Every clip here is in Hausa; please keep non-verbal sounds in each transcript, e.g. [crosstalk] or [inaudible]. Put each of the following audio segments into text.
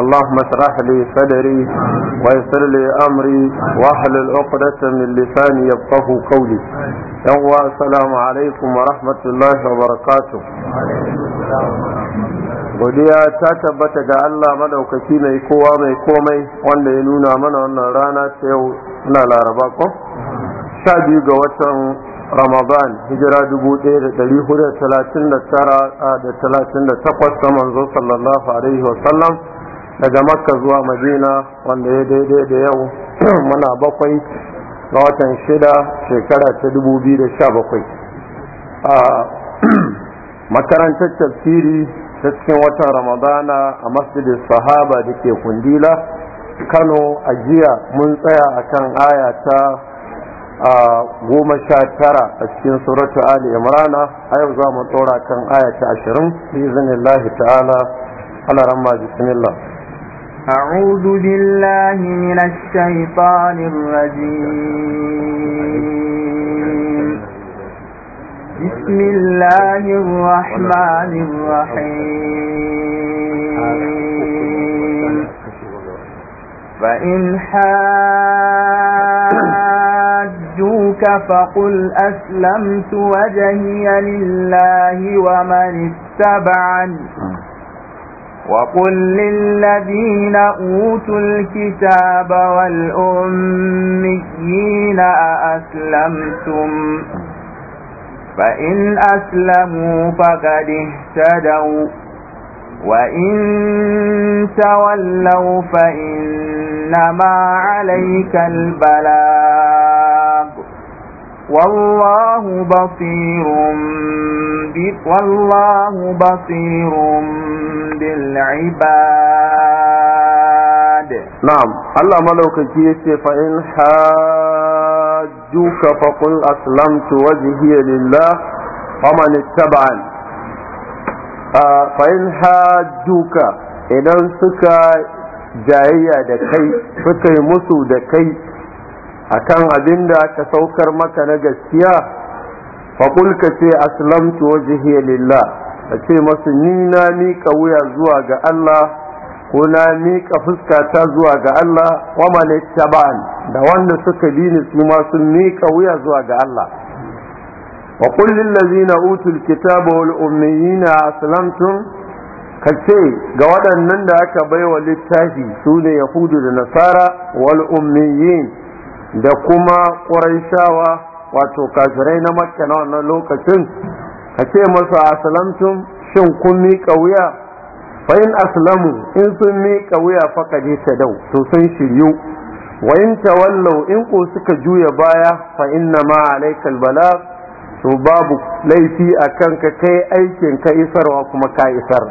اللهم اشرح لي صدري ويسر لي امري واحلل عقدة من لساني يفقه قولي يوا السلام عليكم ورحمة الله وبركاته godiya ta tabbata ga Allah madaukaki mai kowa mai komai wanda ya nuna mana wannan rana ta yau na laraba ko sha biyu ga watan ramadan hijira 1439 da 38 ta manzo sallallahu alaihi wasallam daga makka zuwa madina wanda ya daidai da yau [clears throat] muna bakwai na watan shida shekara ta bakwai. a [clears throat] makarantar tafsiri ta cikin watan ramadana a masjidin sahaba da ke kundila kano a jiya mun tsaya akan aya ta goma sha tara a cikin suratu ali imrana a yau za mu tsora kan aya ta ashirin bi izinin ta'ala ala ramma bismillah أعوذ بالله من الشيطان الرجيم بسم الله الرحمن الرحيم فإن حاجوك فقل أسلمت وجهي لله ومن اتبعني وقل للذين أوتوا الكتاب والأميين أأسلمتم فإن أسلموا فقد اهتدوا وإن تولوا فإنما عليك البلاغ والله بصير والله بصير بالعباد نعم الله ملوك يتي فإن حاجوك فقل أسلمت وجهي لله ومن اتبعني فإن حاجوك إذا سكا جاية دكي فكي مسو دكي akan abin da aka saukar maka na gaskiya faƙul ka ce aslamtu wajhiya lillah a ce masu ni na miƙa wuya zuwa ga Allah ko na miƙa ta zuwa ga Allah wa taban da wanda suka bi ni su ma sun miƙa wuya zuwa ga Allah wa qul utul kitaba wal ummiyina aslamtum ka ce ga waɗannan da aka baiwa littafi su ne yahudu da nasara wal ummiyin da kuma ƙuraishawa wato kafirai na makka na wannan lokacin ka ce masu asalamtum shin kun miƙa wuya fa in aslamu in sun miƙa wuya faka je ta dau to sun shiryu wa in tawallau in ko suka juya baya fa inna ma alaikal bala to babu laifi akan ka kai aikin ka isarwa kuma ka isar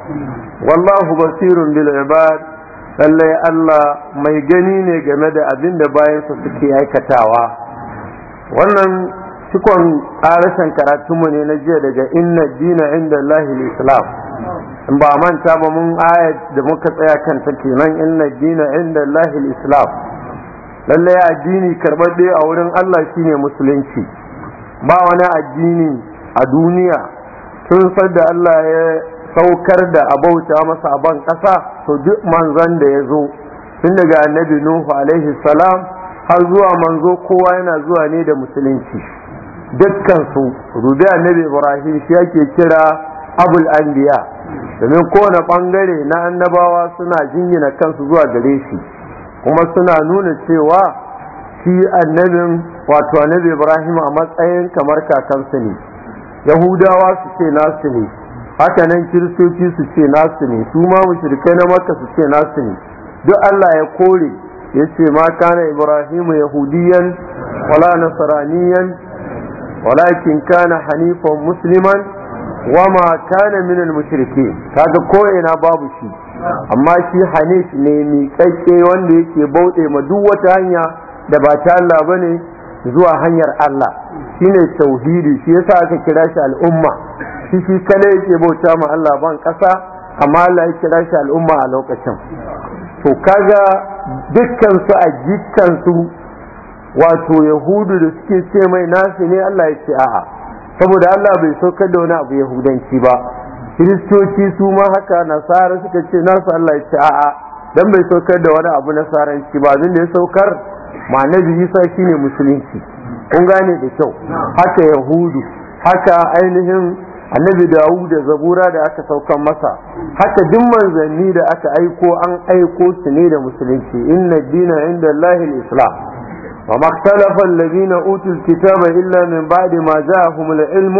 wallahu basirun bil ibad lallai Allah mai gani ne game da abin da bayansa suke aikatawa wannan cikon ƙarashen karatunmu ne na jiya daga inna dina inda lahil islam in ba manta ba mun ayat da muka tsaya kan ta kenan inna dina inda lahil islam lallai addini karɓaɗɗe a wurin Allah shine musulunci ba wani addini a duniya tun da Allah ya saukar da abauta masa a ban ƙasa to duk manzon da ya zo tun daga annabi nuhu alaihi salam har zuwa manzo kowa yana zuwa ne da musulunci dukkan su rubi annabi ibrahim shi yake kira abul anbiya domin kowane bangare na annabawa suna jingina kansu zuwa gare shi kuma suna nuna cewa shi annabin wato annabi ibrahim a matsayin kamar kakansu ne yahudawa su ce nasu ne haka nan kiristoci su ce nasu ne su ma mushrikai na maka su ce nasu ne duk Allah ya kore ya ce ma kana ibrahimu yahudiyan wala nasraniyan walakin kana hanifan musliman wama kana min al-mushrikeen kaga ko ina babu shi amma shi hanif ne miƙaƙƙe wanda yake bauɗe ma duk wata hanya da ba ta Allah bane zuwa hanyar Allah shine tauhidi shi yasa aka kira shi al'umma shi shi kale yake bauta ma Allah ban kasa amma Allah ya kira shi al'umma a lokacin to kaga dukkan su a gittan su wato yahudu da suke ce mai nasu ne Allah ya ce a'a saboda Allah bai saukar da wani abu yahudanci ba kiristoci su ma haka nasara suka ce nasu Allah ya ce a'a dan bai saukar da wani abu nasaranci ba abin da ya saukar ma'anabi Isa shine musulunci kun gane da kyau haka yahudu haka ainihin annabi dawud da zabura da aka saukan masa haka duk manzanni da aka aiko an aiko su ne da musulunci inna dina inda allahi islam wa maktalafa alladhina utul kitaba illa min ba'di ma ja'ahum al-ilmu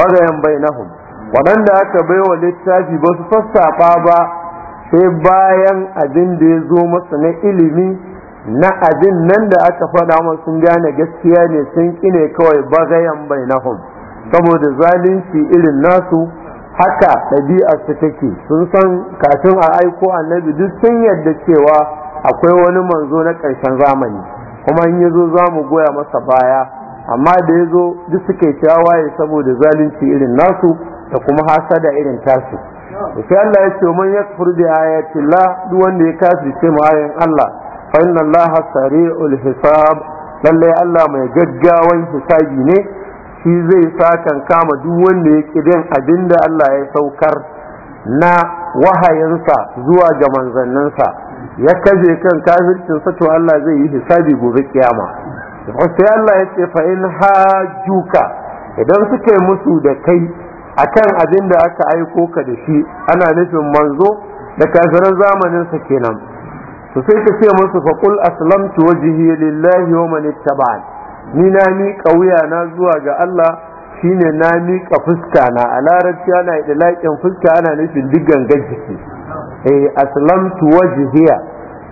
bagayan bainahum waɗanda aka baiwa littafi ba su fassafa ba sai bayan abin da ya zo masa na ilimi na abin nan da aka faɗa masu sun gane gaskiya ne sun ƙine kawai bagayan bainahum saboda zalunci irin nasu haka ɗabi'arsu take sun san kafin a aiko annabi duk sun yadda cewa akwai wani manzo na ƙarshen zamani kuma in ya zo za mu goya masa baya amma da ya zo duk suke waye saboda zalunci irin nasu da kuma hasada irin tasu da sai Allah ya ce man yakfur bi ayati Allah duk wanda ya ce mu ayin Allah fa inna Allah sari'ul hisab lalle Allah mai gaggawan hisabi ne shi zai sakan kama duk wanda ya bin abin da Allah ya saukar na wahayinsa zuwa ga manzanninsa ya kaje kan kafircinsa to Allah zai yi hisabi gobe kiyama sai Allah ya ce fa in hajuka idan suka yi musu da kai akan abin da aka aiko ka da shi ana nufin manzo da kafiran zamaninsa kenan to sai ka ce musu qul aslamtu wajhi lillahi wa man ittaba'ani ni na miƙa wuya na zuwa ga Allah shine na miƙa fuska na a larabci ana yi idlaƙin fuska ana nufin diggan gajiki eh aslamtu wajhiya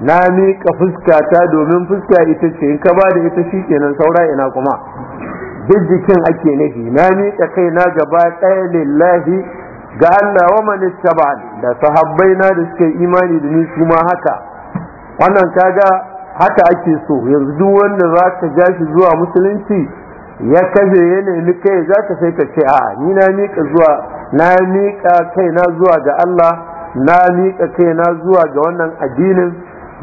na miƙa fuska ta domin fuska ita ce in ka ba da ita kenan saura ina kuma duk jikin ake nufi na miƙa kai na gaba ɗaya lillahi ga Allah wa man da sahabbai na da suke imani da ni su haka wannan kaga haka ake so yanzu duk wanda za ka ja shi zuwa musulunci ya kaje ya nemi kai za ka sai ka ce a ni na miƙa zuwa na miƙa kai na zuwa ga Allah na miƙa kai na zuwa ga wannan addinin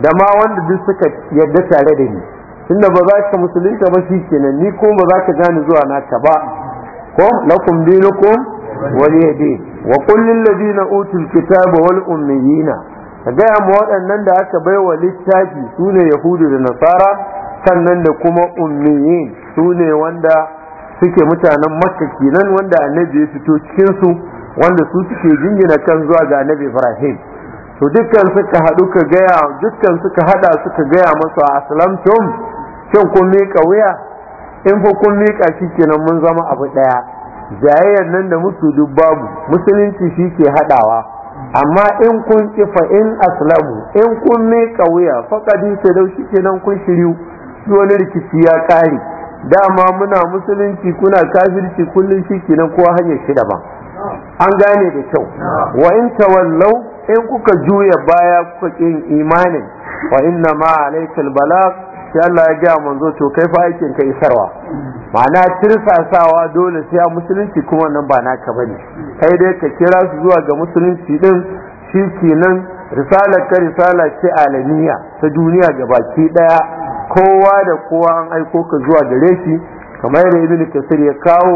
da ma wanda duk suka yarda tare da ni tunda ba za ka musulunta ba shi kenan ni ko ba za ka gane zuwa na naka ba ko lakum dinukum waliyadi wa kullu alladhina utul kitaba wal ummiyina ka gaya ma waɗannan da aka bai wa littafi su ne yahudu da nasara sannan da kuma ummiyin su ne wanda suke mutanen makka kenan wanda annabi ya fito cikinsu wanda su suke jingina kan zuwa ga annabi ibrahim to dukkan suka haɗu ka gaya dukkan suka haɗa suka gaya masu a aslamtum shin kun miƙa wuya in fa kun miƙa shi kenan mun zama abu ɗaya jayayyar nan da musu duk babu musulunci shi ke haɗawa amma in kun ki in aslamu in kun miƙa wuya faƙadi ta daushi shi kenan kun shiryu wani rikici ya ƙare dama muna musulunci kuna kafirci kullum shi kenan kowa hanyar shi daban an gane da kyau wa in tawallau in kuka juya baya kuka kin imanin wa inna ma alaikal Bala sai Allah ya ga manzo to kai fa aikin ka isarwa ma'ana tirsasawa dole sai musulunci kuma nan ba naka bane kai dai ka kira su zuwa ga musulunci din shi kenan risalar ka risala ce alamiya ta duniya ga baki daya kowa da kowa an aiko ka zuwa gare shi kamar da ibnu kasir ya kawo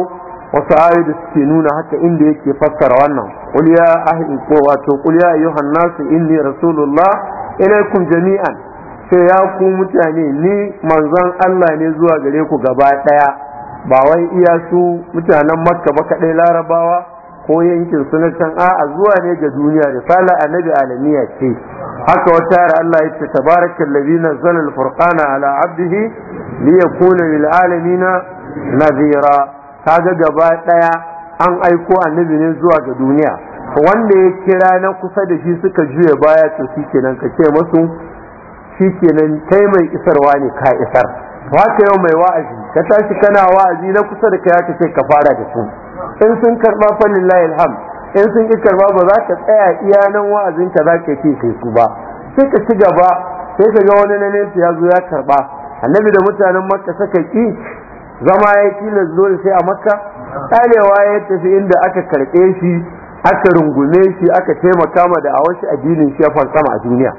wasu ayoyi da suke nuna haka inda yake fassara wannan qul ya ahli wato qul ya ayyuhan inni rasulullah ilaykum jami'an sai ya ku mutane ni manzon Allah ne zuwa gare ku gaba daya ba wai iya su mutanen makka ba kadai larabawa ko yankin suna can a'a zuwa ne ga duniya risala annabi alamiya ce haka wata yara Allah ya ce tabarakal ladhi nazzala al-furqana ala abdihi li yakuna lil alamina nadhira kaga gaba daya an aiko annabi ne zuwa ga duniya wanda ya kira na kusa da shi suka juya baya to shikenan ka ce musu shikenan kai mai isarwa ne ka isar wata yau mai wa'azi ka tashi kana wa'azi na kusa da kai ka ce ka fara da su in sun karba falillahi alham in sun ki karba ba za ka tsaya iya nan wa'azin ka za ka ce sai su ba sai ka ci gaba sai ka ga wani na nesa ya zo ya karba annabi da mutanen makka suka ki zama ya na dole sai a makka tsarewa ya tafi inda aka karɓe shi aka rungume shi aka taimaka ma da awashi addinin shi ya sama a duniya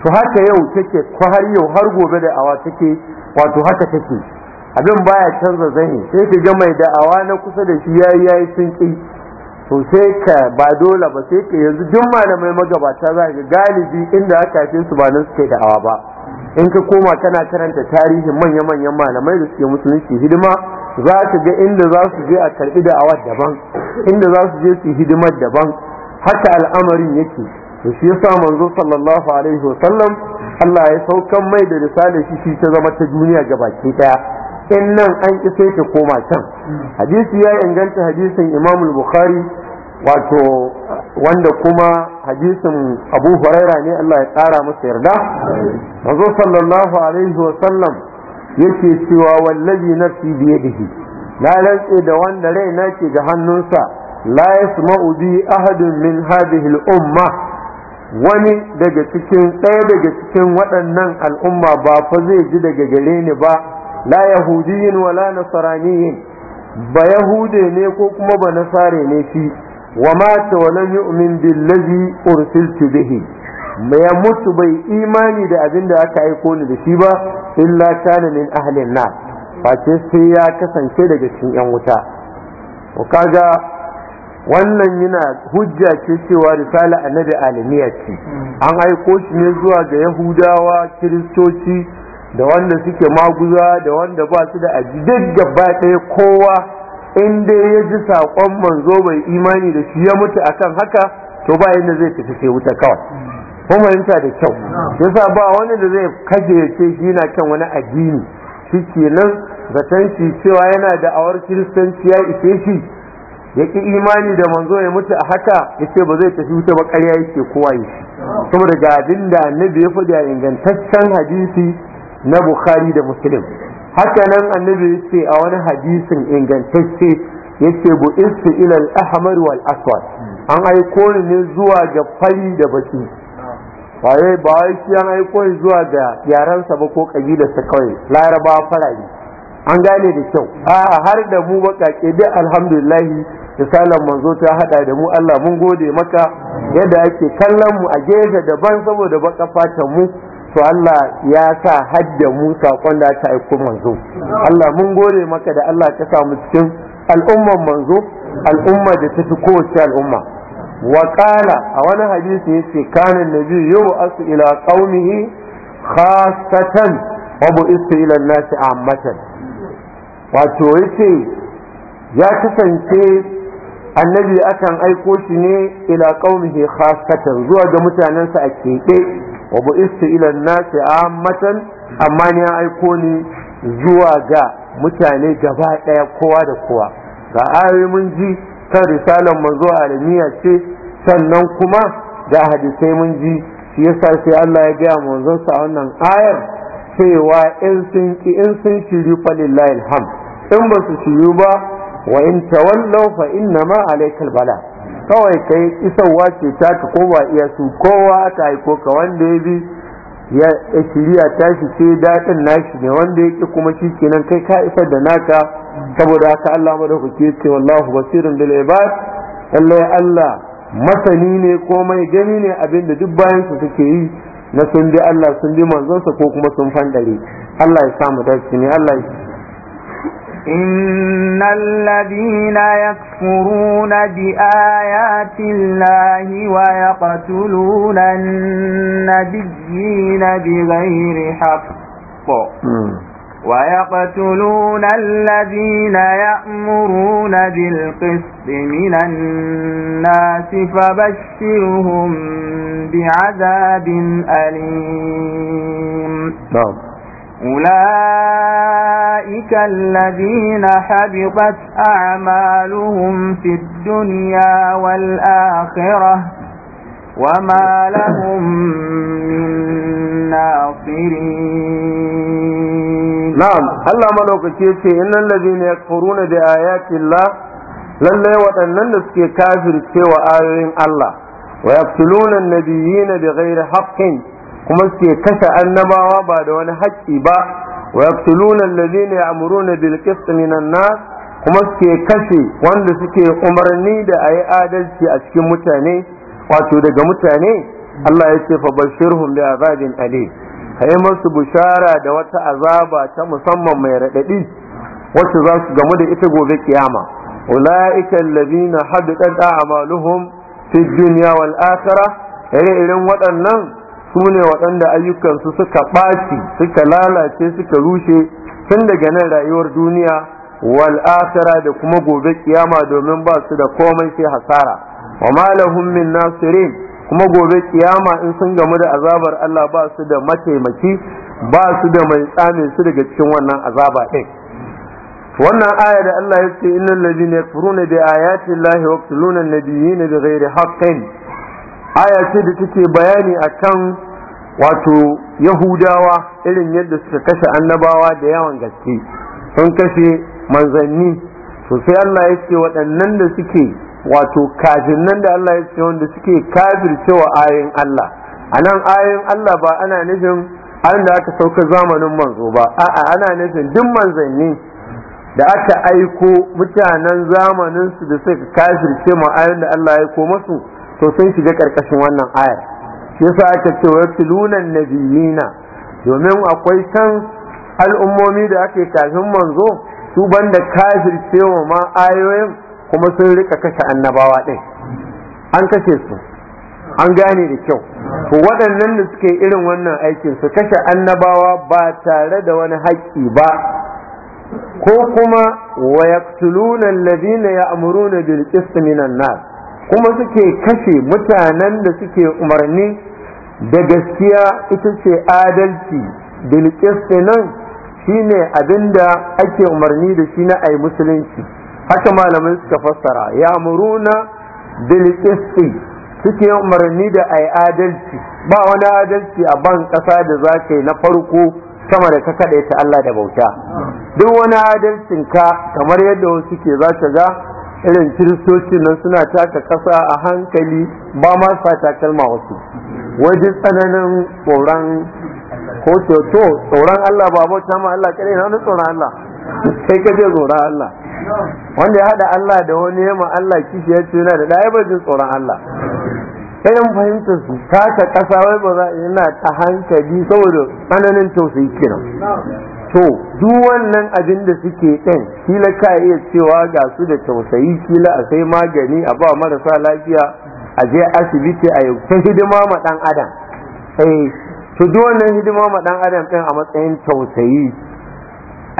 to haka yau take ko har yau har gobe da awa take wato haka take abin baya canza zani sai ka ga mai da'awa na kusa da shi yayi yayi sun ki to sai ka ba dole ba sai ka yanzu duk malamai magabata za ka galibi inda aka haife su ba nan suke da'awa ba in ka koma kana karanta tarihin manya-manyan malamai da suke musulunci hidima za ka ga inda za su je a karbi da'awar daban inda za su je su hidimar daban haka al'amarin yake da shi yasa manzo sallallahu alaihi wasallam Allah ya saukan mai da risala shi shi ta zama ta duniya ga baki daya in nan an ki sai ta koma can hadisi ya inganta hadisin imam bukhari wato wanda kuma hadisin abu huraira ne Allah ya tsara masa yarda manzo sallallahu alaihi wa sallam yake cewa wallazi nafsi bi yadihi la rantsi da wanda rai na ke ga hannunsa la yasma'u bi ahadin min hadhihi al-umma wani daga cikin ɗaya daga cikin waɗannan al'umma ba fa zai ji daga gare ni ba la yahudiyin wala nasaraniyin ba yahude ne ko kuma ba nasare ne shi wa mata wa lam yu'min billazi ursiltu bihi ya mutu bai imani da abin da aka aiko ni da shi ba illa kana min ahlin na. face sai ya kasance daga cikin yan wuta to kaga wannan yana hujja ce cewa risala annabi alimiya an aiko shi ne zuwa ga yahudawa kiristoci da wanda suke maguza da wanda ba su da aji duk gaba ɗaya kowa in dai ya ji saƙon manzo bai imani da shi ya mutu akan haka to ba yadda zai tafi sai wuta kawai kuma ta da kyau yasa ba wani da zai kaje ya ce shi na kan wani addini shi kenan zaton shi cewa yana da awar kiristanci ya ishe shi ya ki imani da manzo ya mutu a haka ya ce ba zai tafi wuta ba ƙarya yake kowa ya shi saboda ga abin da annabi ya faɗi a ingantaccen hadisi na bukhari da muslim haka nan annabi yace a wani hadisin ingantacce yace bu istu ila al-ahmar wal aswad an aiko ni ne zuwa ga fari da baki waye ba wai shi an aiko ni zuwa ga yarensa ba ko kabilarsa kawai laraba farayi an gane da kyau a har da mu bakake duk alhamdulillah misalan manzo ta hada da mu Allah mun gode maka yadda ake kallon mu a gefe daban saboda baka fatan mu to Allah ya sa hadda mu saƙon da aka aiko manzo Allah mun gode maka da Allah ka sa mu cikin al'umman manzo al'umma da ta fi kowace al'umma wa a wani hadisi yace kana nabi asu ila qaumihi khassatan wa isu ila nasi ammatan wato yace ya kasance annabi akan aiko shi ne ila qaumihi khassatan zuwa ga mutanensa a keɓe wa bu'istu ila nasi ammatan amma ni aiko ni zuwa ga mutane gaba daya kowa da kowa ga ayoyi mun ji kan risalar manzo alamiya ce sannan kuma da hadisai mun ji shi yasa sai Allah ya gaya manzon sa wannan ayar cewa in sun ki in sun shiri falillahi alham in ba su shiru ba wa in tawallu fa inna ma alaikal bala kawai kai isarwa ce ta ka ko iya su kowa aka haiko ka wanda ya bi ya shirya tashi ce daɗin nashi ne wanda ya ƙi kuma shi kenan kai ka isar da naka saboda haka Allah madaukake ce wallahu basirin da ibad lallai Allah masani ne ko mai gani ne abinda duk bayan su suke yi na sun bi Allah sun bi manzonsa ko kuma sun fandare Allah ya samu dace ne Allah ya إن الذين يكفرون بآيات الله ويقتلون النبيين بغير حق ويقتلون الذين يأمرون بالقسط من الناس فبشرهم بعذاب أليم نعم. أولئك الذين حبطت أعمالهم في الدنيا والآخرة وما لهم من ناصرين نعم هل أملك شيء إن الذين يكفرون بآيات الله لن يوطن لنسك كافر سوى آل الله ويقتلون النبيين بغير حق kuma suke kashe annabawa ba da wani haƙƙi ba wa yaqtuluna alladhina ya'muruna bil qist minan nas kuma suke kashe wanda suke umarni da ayi adalci a cikin mutane wato daga mutane Allah ya ce fa bashirhum bi azabin alim kai musu bushara da wata azaba ta musamman mai radadi wacce za su gamu da ita gobe kiyama ulaika alladhina hadadat a'maluhum fi dunya wal akhirah ire-iren waɗannan su ne waɗanda ayyukansu suka ɓaci suka lalace suka rushe tun daga nan rayuwar duniya wal akhirah da kuma gobe kiyama domin ba su da komai sai hasara wa malahum min nasirin kuma gobe kiyama in sun gamu da azabar Allah ba su da mataimaki ba su da mai tsame su daga cikin wannan azaba din wannan aya da Allah ya ce innal ladina yakfuruna bi ayati llahi wa yaqtuluna an-nabiyina bighairi haqqin aya ce da take bayani akan wato yahudawa irin yadda suka kashe annabawa da yawan gaske sun kashe manzanni to sai Allah ya ce waɗannan da suke wato kafin nan da Allah ya ce wanda suke cewa ayoyin Allah a nan ayoyin Allah ba ana nufin an da aka sauka zamanin manzo ba a'a ana nufin duk manzanni da aka aiko mutanen zamanin su da suka kafir ma ayoyin da Allah ya aiko masu to sun shiga karkashin wannan ayar shi yasa aka ce wa tilunan nabiyina domin akwai can al'ummomi da ake kafin manzo su banda kafircewa ma ayoyin kuma sun rika kashe annabawa ɗin an kashe su an gane da kyau to waɗannan da suke irin wannan aikin su kashe annabawa ba tare da wani haƙƙi ba ko kuma wa yaqtuluna alladhina ya'muruna bil qist nas kuma suke kashe mutanen da suke umarni da gaskiya ita ce adalci bilkis nan shi ne abin da ake umarni da shi na ai musulunci haka malamai suka fassara ya muruna bilkis suke umarni da ai adalci ba wani adalci a ban ƙasa da za ka yi na farko sama da ka kaɗai ta Allah da bauta duk wani adalcin ka kamar yadda wasu ke za ka ga irin kiristoci nan suna taka kasa a hankali ba ma sa takalma wasu wajen tsananin tsoron ko tsoron Allah ba bauta ma Allah kare na wani tsoron Allah kai ka je tsoron Allah wanda ya haɗa Allah da wani yamma Allah kishi ya ce yana da ɗaya jin tsoron Allah irin fahimtar su taka ƙasa wai ba za a yana ta hankali saboda tsananin tausayi kenan to duk wannan abin da suke ɗin kila ka iya cewa ga su da tausayi kila a sai magani a ba marasa lafiya a je asibiti a yau ta hidima ma ɗan adam eh to duk wannan hidima ma ɗan adam ɗin a matsayin tausayi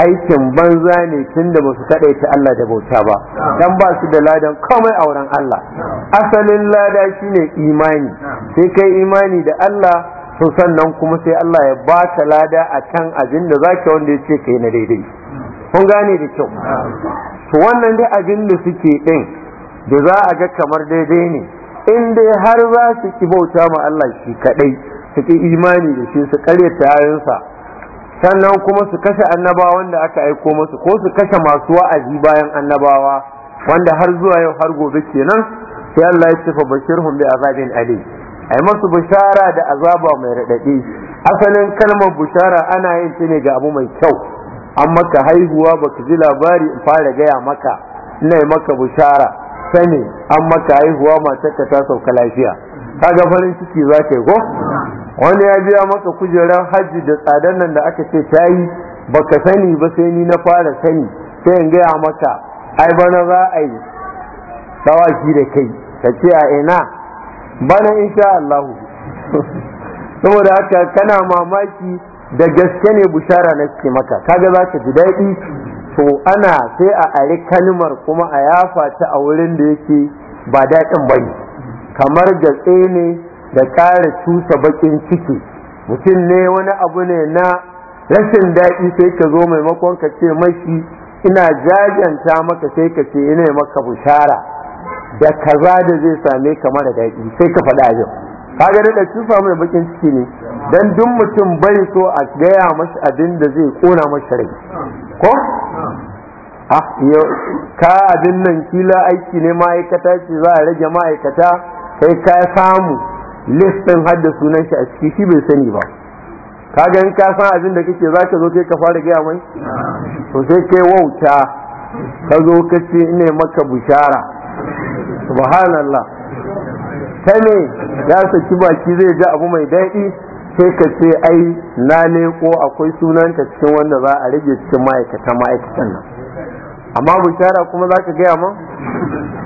aikin banza ne tun da basu kaɗaita Allah da bauta ba dan ba su da ladan komai a wurin Allah asalin lada shine imani sai kai imani da Allah to sannan kuma sai Allah ya ba ta lada a can abin da zaki wanda ya ce kai na daidai kun gane da kyau to wannan dai abin da suke din da za a ga kamar daidai ne in dai har za su ki bauta ma Allah shi kadai su ki imani da shi su kare tayansa sannan kuma su kashe annabawan da aka aiko musu ko su kashe masu wa'azi bayan annabawa wanda har zuwa yau har gobe kenan sai Allah ya tafa bashirhum bi azabin alim ai masu bushara da azaba mai raɗaɗi asalin kalmar bushara ana yin ta ne ga abu mai kyau an maka haihuwa baka ji labari in fara gaya maka ina yi maka bushara sani an maka haihuwa matarka ta sauka lafiya kaga farin ciki za ka yi ko wani ya biya maka kujerar hajji da tsadan nan da aka ce ta yi baka sani ba sai ni na fara sani sai in gaya maka ai bana za a yi tsawaki da kai ka ce a ina bana insha Allah saboda haka kana mamaki da gaske ne bushara na ke maka kaga za ka ji daɗi to ana sai a ari kalmar kuma a yafa ta a wurin da yake ba daɗin bane kamar da ne da ƙara cusa baƙin ciki mutum ne wani abu ne na rashin daɗi sai ka zo maimakon ka ce mashi ina jajanta maka sai ka ce ina maka bushara da kaza da zai same ka mara daɗi sai ka faɗa yau kaga da sun samu da bakin ciki ne dan duk mutum bai so a gaya masa abin da zai kona masa rai ko ah, ka abin nan kila aiki ne ma'aikata ce za a rage ma'aikata sai ka samu listin hadda sunan shi a ciki shi bai sani ba kaga in ka san abin da kake za ka zo kai ka fara gaya mai to sai kai wauta ka zo ka ce ne maka bushara subhanallah ta ne ya saki baki zai ji abu mai daɗi sai ka ce ai na ne ko akwai sunanta cikin wanda za a rage cikin ma'aikatan ma'aikatan nan amma bishara kuma za ka gaya ma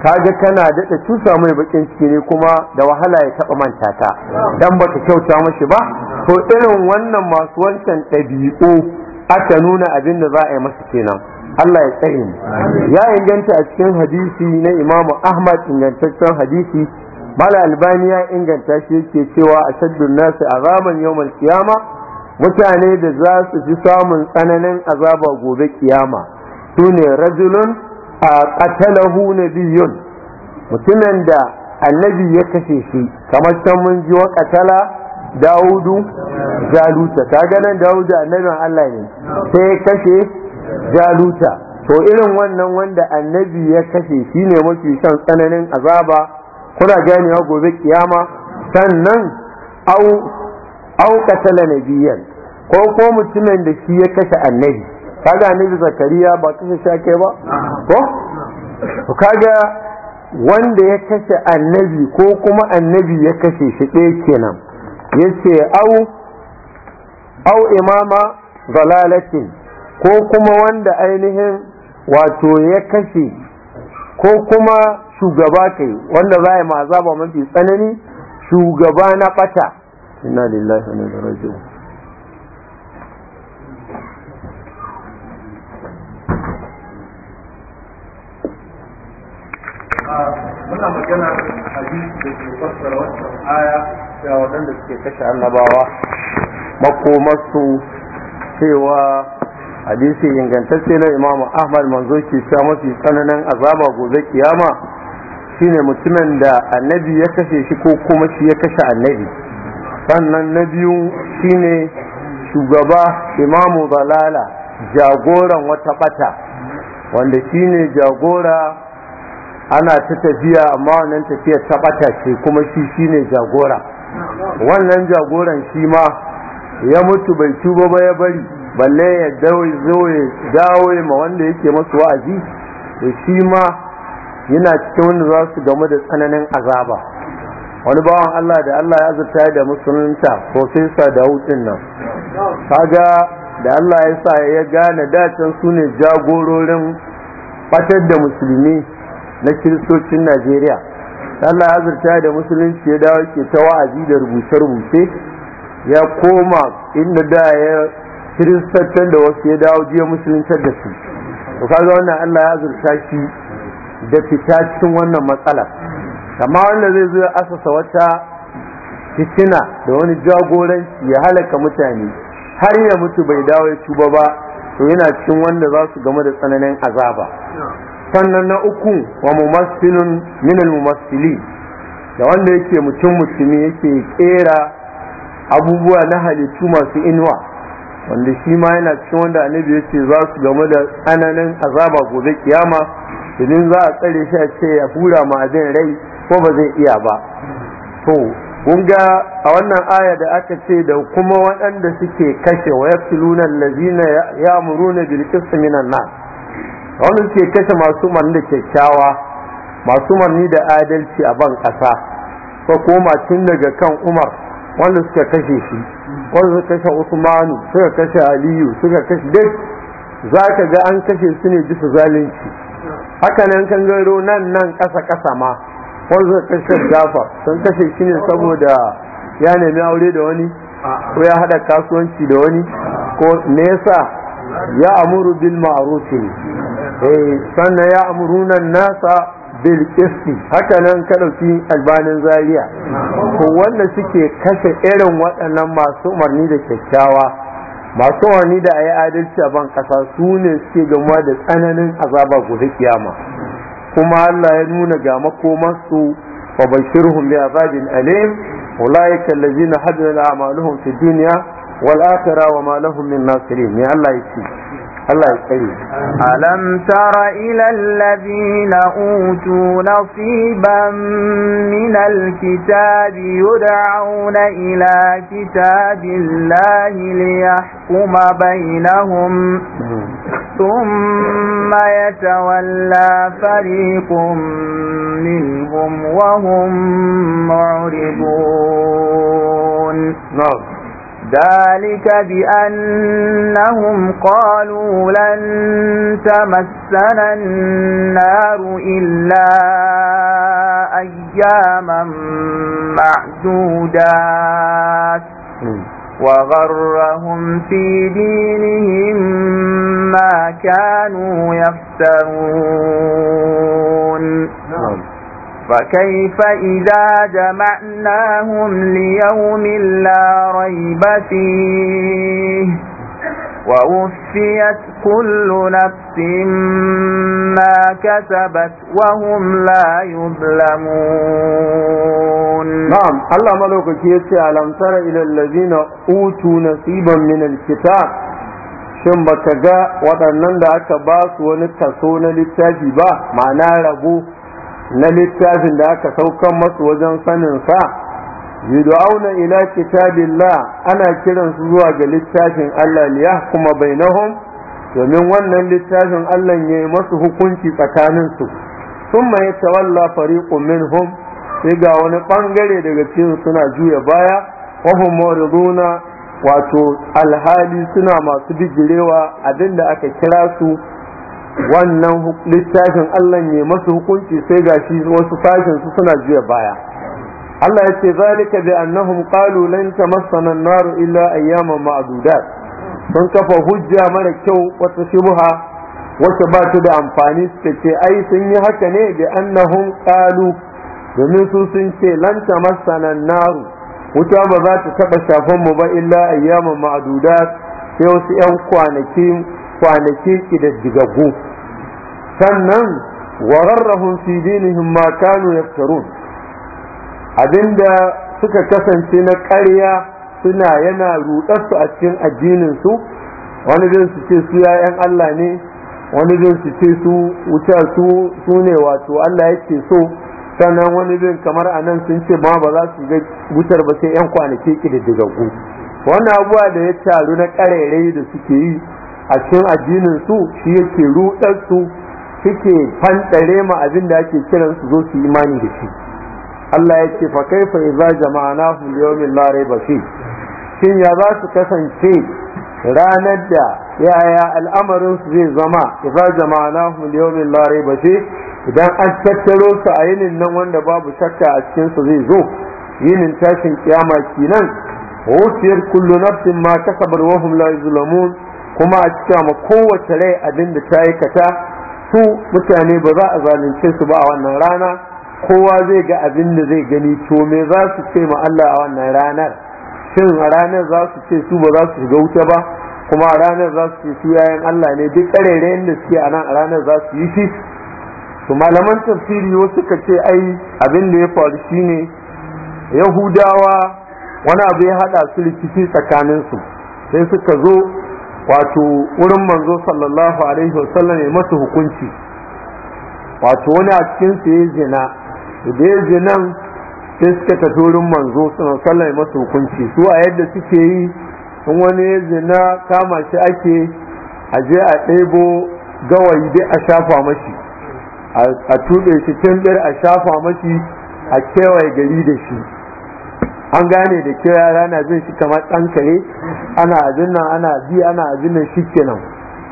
ka ga kana daɗa cusa mai bakin ciki ne kuma da wahala ya taɓa manta ta dan baka kyauta mashi ba to irin wannan masu wancan ɗabi'u aka nuna abin da za a yi masa kenan Allah ya tsaye ya inganta a cikin hadisi na imamu Ahmad ingantaccen hadisi Mala Albani ya inganta shi yake cewa a shaddun nasu azaban yawon kiyama mutane da za su fi samun tsananin azaba gobe kiyama su ne rajulun a na biyun, mutumin da annabi ya kashe shi kamar can mun ji wa katala Dawudu Jaluta Ta nan Dawudu annabin Allah ne sai kashe jaluta to irin wannan wanda annabi ya kashe shi ne mafi shan tsananin azaba kuna ganewa gobe kiyama sannan au au nabiyan ko ko mutumin da shi ya kashe annabi kaga annabi zakariya ba kashe shake ba ko kaga wanda ya kashe annabi ko kuma annabi ya kashe shi ɗaya kenan Ya ce au imama zalalatin ko kuma wanda ainihin wato ya kashe ko kuma shugaba kai wanda za a yi mazaba mafi tsanani shugaba na ɓata. ina lillahi wa inna ah, muna magana hadisi da ke fassara wannan aya da waɗanda suke kashe annabawa makomarsu cewa hadisi ingantacce na imamu ahmad manzo ke sa mafi tsananin azaba gobe kiyama shine mutumin da annabi ya kashe shi ko kuma shi ya kashe annabi sannan na biyu shine shugaba imamu zalala jagoran wata bata wanda shine jagora ana ta tafiya amma wannan tafiyar ta bata ce kuma shi shine jagora wannan jagoran shi ma ya mutu bai tuba ba ya bari balle ya dawo ya dawo ma wanda yake masu wa'azi Da shi ma yana cikin wanda za su gamu da tsananin azaba wani bawan Allah da Allah ya azurta da musulunta profesa da hutun nan kaga da Allah ya sa ya gane dacin su ne jagororin batar da musulmi na kiristocin Najeriya Allah ya azurta da musulunci ya dawo ke ta wa'azi da rubuce-rubuce ya koma inda da ya kiristantar da wasu ya dawo jiya ta da su to kaga wannan Allah ya zurta shi da fita cikin wannan matsala amma wanda zai zo ya asasa wata fitina da wani jagoranci ya halaka mutane har ya mutu bai dawo ya tuba ba to yana cikin wanda za su game da tsananin azaba sannan na uku wa mumassilun min mumassili da wanda yake mutum mutumi yake kera abubuwa na halittu masu inuwa wanda shi ma yana cikin wanda annabi ya ce za su game da tsananin azaba gobe kiyama idan za a tsare shi a ce ya hura ma'azin rai ko ba zai iya ba to kun ga a wannan aya da aka ce da kuma waɗanda suke kashe wa yaktuluna allazina ya'muruna bil qisti minan nas wannan suke kashe masu manni da kyakkyawa masu manni da adalci a ban ƙasa ko kuma tun daga kan Umar wanda suka kashe shi wanda suka kashe usmanu suka kashe aliyu suka kashe duk za ka ga an kashe su ne bisa zalunci haka nan kan gano nan nan ƙasa ƙasa ma wanda suka kashe gafa sun kashe shi ne saboda ya nemi aure da wani ko ya haɗa kasuwanci da wani ko me ya amuru bil ma'arufi eh, sannan ya amuru nan nasa bil ismi haka nan ka ɗauki albanin zaria ko wanda suke kashe irin waɗannan masu umarni da kyakkyawa masu umarni da a yi adalci a ban ƙasa su ne suke gama da tsananin azaba gobe kiyama kuma Allah ya nuna ga makomansu wa bashirhum bi azabin alim ulaika allazina hadana a'maluhum fi dunya wal akhirah wa ma lahum min nasirin ya Allah ya الله يسلمك ألم تر إلى الذين أوتوا نصيبا من الكتاب يدعون إلى كتاب الله ليحكم بينهم ثم يتولى فريق منهم وهم معرضون نعم ذلك بأنهم قالوا لن تمسنا النار إلا أياما معدودات وغرهم في دينهم ما كانوا يفترون نعم فكيف إذا جمعناهم ليوم لا ريب فيه ووفيت كل نفس ما كسبت وهم لا يظلمون نعم الله ملوك كيسي ألم تر إلى الذين أوتوا نصيبا من الكتاب shin baka ga waɗannan da aka ba su wani taso na littafi ba ma'ana rabo na littafin da aka saukan masu wajen sanin sa yud'auna ila kitabillah ana kiran su zuwa ga littafin Allah bai na bainahum domin wannan littafin Allah yayi masu hukunci tsakanin su thumma tawallafari fariqun minhum sai ga wani bangare daga cikin suna juya baya wa hum muriduna wato alhali suna masu bijirewa abinda aka kira su wannan littafin Allah ne masu hukunci sai gashi wasu sashen su suna juya baya Allah ya ce zalika bi annahum qalu lan tamassana an-nar illa ayyaman ma'dudat sun kafa hujja mara kyau wata shubha wata ba ta da amfani suka ce ai sun yi haka ne bi annahum qalu domin su sun ce lan tamassana an-nar wuta ba za ta taba shafan mu ba illa ayyama ma'dudat sai wasu 'yan kwanaki kwanaki kididdigaggu sannan wararrahun fi dinihim ma kanu yaftarun abinda suka kasance na ƙarya suna yana rudarsu a cikin addinin su wani zai su ce su yayan Allah ne wani zai su ce su wuta su su ne wato Allah yake so sannan wani zai kamar a nan sun ce ma ba za su ga wutar ba sai yan kwanaki kididdigaggu wannan abuwa da ya taru na ƙarerai da suke yi a cikin addinin su shi yake rudar su suke fanɗare ma abin da ake kiran su zo su imani da shi Allah ya ce fa kaifa idza jama'nahum yawmin la rayba fi shin ya za su kasance ranar da yaya al'amarin su zai zama idza jama'nahum li yawmin la rayba fi idan an tattaro su a yinin nan wanda babu shakka a cikin su zai zo yinin tashin kiyama kinan wuciyar kullu nafsin ma kasabar wa hum la yuzlamun kuma a cika ma kowace rai abin da ta aikata su mutane ba za a zalunce su ba a wannan rana kowa zai ga abin da zai gani to me za su ce ma Allah a wannan ranar shin a ranar za su ce su ba za su shiga wuta ba kuma a ranar za su ce su yayan Allah ne duk ƙarerayen da suke a nan a ranar za su yi shi to malaman tafsiri wasu ka ce ai abin da ya faru shine yahudawa wani abu ya haɗa su rikici tsakaninsu sai suka zo wato wurin manzo sallallahu alaihi wasallam ya masa hukunci wato wani a cikin su ya zina da ya zinan sai suka tafi wurin manzo sallallahu alaihi masa hukunci su a yadda suke yi in wani ya zina kama shi ake a je a ɗebo gawayi dai a shafa mashi a tuɓe shi can a shafa mashi a kewaye gari da shi an gane da kyau yara na zai shi kamar ɗanka ne ana abin nan ana bi ana abin nan shi kenan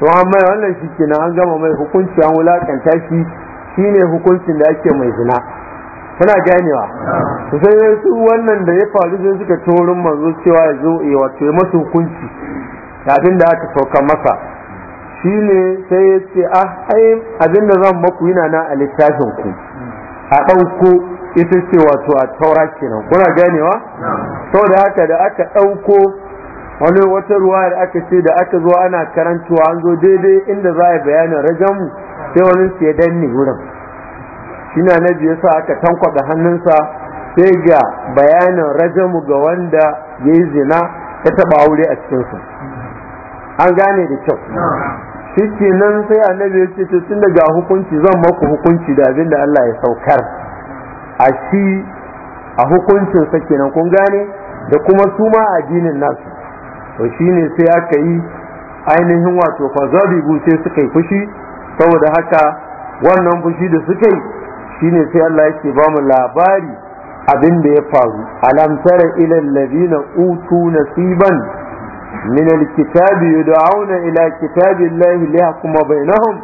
to an mai wannan shi kenan an gama mai hukunci an wulaƙanta shi shi ne hukuncin da ake mai zina kuna ganewa to sai su wannan da ya faru sai suka torin manzo cewa ya zo ya wato ya masa hukunci abin da aka sauka masa Shi ne sai ya ce ah ai abin da zan maku yana na a littafin ku a ɗauko ita ce wato a taura kenan kuna ganewa saboda haka da aka ɗauko wani wata ruwa da aka ce da aka zo ana karantuwa an zo daidai inda za a bayanin rajamu sai wani su ya danne wurin shi na na biyu sa aka tankwaɗa hannunsa sai ga bayanin rajamu ga wanda ya yi zina ya taɓa aure a cikinsu an gane da kyau shi nan sai annabi ya ce tun daga hukunci zan maku hukunci da abin da Allah ya saukar a shi a hukuncin sake kenan kun gane da kuma su ma addinin nasu to shine sai aka yi ainihin wato fazabi bu sai suka yi fushi saboda haka wannan fushi da suka yi shine sai Allah yake ba mu labari abin da ya faru alam tara ila utu nasiban min alkitabi yud'auna ila kitabillahi liyahkuma bainahum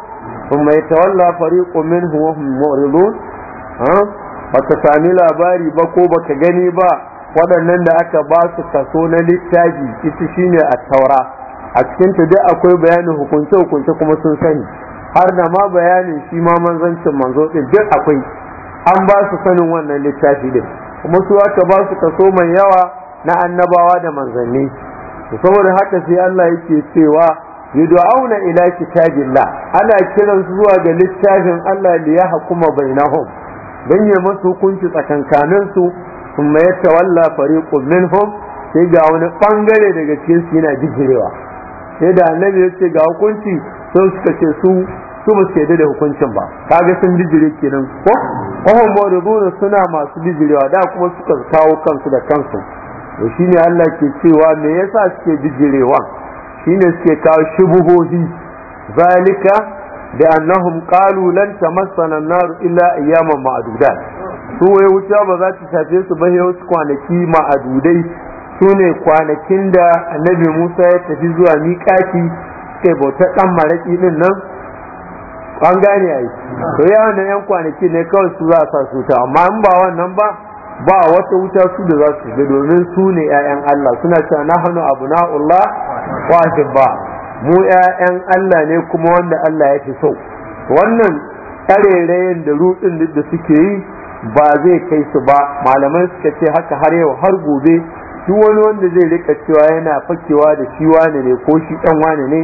ثم يتولى فريق منهم وهم معرضون ها baka sami labari ba ko baka gani ba waɗannan da aka ba su kaso na littafi ita shine a taura a cikinta dai akwai bayanin hukunce hukunce kuma sun sani har da ma bayanin shi ma manzancin manzo din duk akwai an ba su sanin wannan littafi din kuma su aka ba su kaso mai yawa na annabawa da manzanni saboda haka sai Allah yake cewa yud'auna ila kitabillah ana kiran zuwa ga littafin Allah li yahkuma bainahum don masu hukunci tsakankanin su kuma ya tawalla fariqun minhum sai ga wani ɓangare daga cikin su yana bijirewa sai da annabi ya ce ga hukunci sun suka ce su su ba su yadda da hukuncin ba kaga sun bijire kenan ko wahum dole suna masu bijirewa da kuma suka kawo kansu da kansu to shine Allah ke cewa me yasa suke bijirewa shine suke kawo shubuhohi zalika da annahum qalu lan tamassana an-nar illa ayyaman ma'dudat su waye wuta ba za ta shafe su ba yau kwanaki ma'adudai su ne kwanakin da annabi Musa ya tafi zuwa miƙati kai bauta dan maraki din nan an gane ai to ya wannan yan kwanaki ne kawai su za sa su amma in ba wannan ba ba wata wuta su da za su ga domin su ne 'ya'yan Allah suna cewa nahnu abna'ullah wa ba mu yayan Allah ne kuma wanda Allah ya fi so wannan ƙarerayen da rutsin da suke yi ba zai kai su ba malamai suka ce haka har yau har gobe duk wani wanda zai rika cewa yana fakewa da shi wane ne ko shi dan wane ne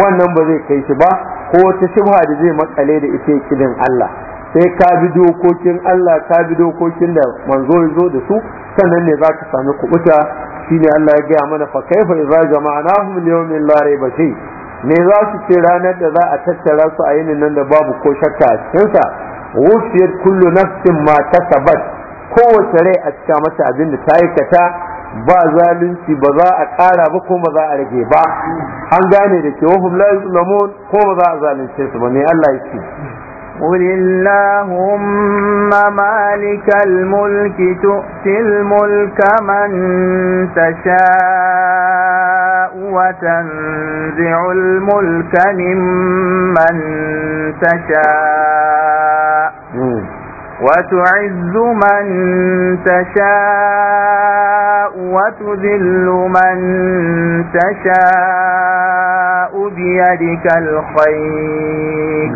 wannan ba zai kai shi ba ko wata shubha da zai makale da ita kidin Allah sai ka bi dokokin Allah ka bi dokokin da manzo ya zo da su sannan ne za ka sami kubuta shine Allah ya gaya mana fa kaifa idza jama'nahu min yawmin la rayba fi me za su ce ranar da za a tattara su a yinin nan da babu ko shakka a cikin sa wufiyat kullu nafsin ma kasabat kowace rai a cika mata abin da ta aikata ba zalunci ba za a ƙara ba ko ba za a rage ba an gane da ke wahum la yuzlamun ko ba za a zalunce su ba ne Allah ya ce قل اللهم مالك الملك تؤتي الملك من تشاء وتنزع الملك ممن تشاء وتعز من تشاء وتذل من تشاء بيدك الخير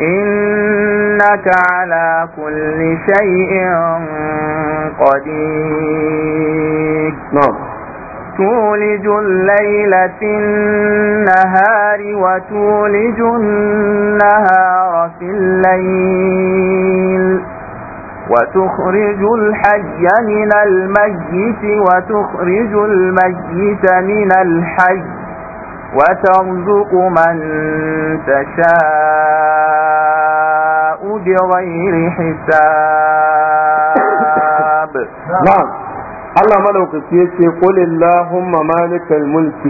إنك على كل شيء قدير نعم تولج الليل في النهار وتولج النهار في الليل وتخرج الحي من الميت وتخرج الميت من الحي وترزق من تشاء بغير حساب نعم الله ملوك سيسي قل اللهم مالك الملك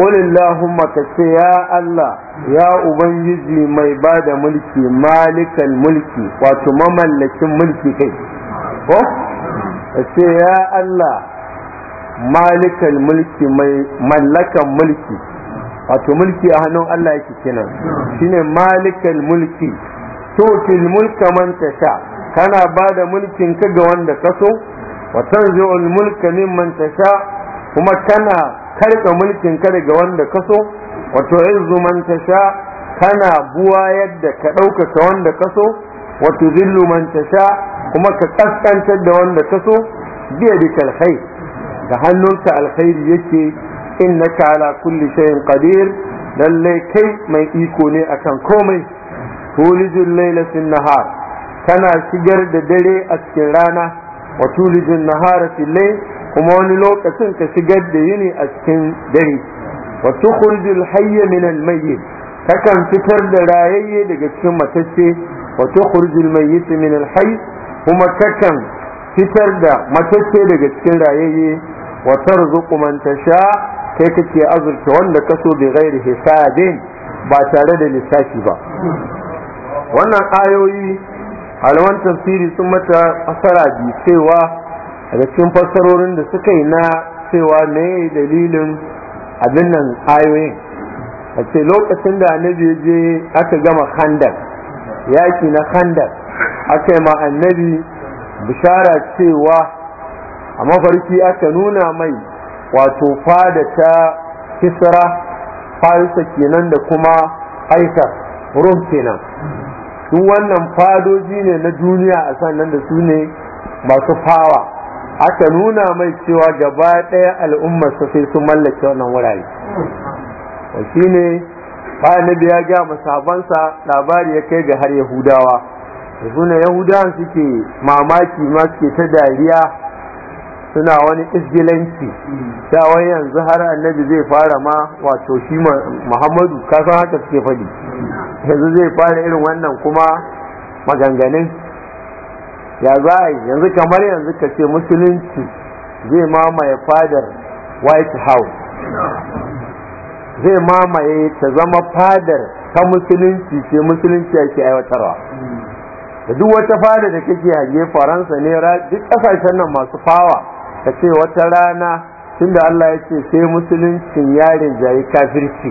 قل اللهم كتي يا الله يا أبنجي ما يباد ملكي مالك الملك وتمملك ملكي كي ce ya Allah Malikan mulki mai mallakan mulki wato mulki a hannun Allah yake kenan shine malikan mulki to til mulka man tasha kana bada mulkin ka ga wanda ka so wa tanzi'ul mulka mimman tasha kuma kana karka mulkin ka daga wanda ka so wato izu man tasha kana buwa yadda ka ɗaukaka wanda ka so wato zillu man tasha kuma ka kaskantar da wanda ka so biya da khair Da hannunka alkhairi yake innaka ala kulli shay'in qadir lalle kai mai iko ne akan komai tulijul layla fil nahar kana shigar da dare a cikin rana wa tulijul nahara fil layl kuma wani lokacin ka shigar da yini a cikin dare wa tukhrijul hayya min al mayyit kakan fitar da rayayye daga cikin matacce wa tukhrijul mayyit min al hayy kuma kakan fitar da matacce daga cikin rayayye wa tarzuqu man tasha kai kake azurta wanda kaso bi ghairi hisabin ba tare da lissafi ba wannan ayoyi alawan tafsiri sun mata asara bi cewa daga cikin fassarorin da suka yi na cewa ne dalilin abin nan ayoyin a ce lokacin da annabi je aka gama khandar yaki na khandar aka yi ma annabi bishara cewa a mafarki aka nuna mai wato fada ta kisra farisa kenan da kuma haikar rum kenan duk wannan fadoji ne na duniya a sannan da su ne masu fawa aka nuna mai cewa gaba ɗaya al'ummar sai su mallake wannan wurare shi ne annabi ya ga masabansa labari ya kai ga har yahudawa da suna yahudawan suke mamaki ma suke ta dariya suna wani isgilanci da wai yanzu har annabi zai fara ma wato shi muhammadu kasan haka suke faɗi yanzu zai fara irin wannan kuma maganganun ya za a yi yanzu kamar yanzu ka ce musulunci zai mamaye fadar white house zai mamaye ta zama fadar ta musulunci ce musulunci ke aiwatarwa da duk wata fada da kake hange faransa ne duk kasashen nan masu fawa ka ce wata rana tunda Allah ya ce sai musuluncin yarin zai kafirci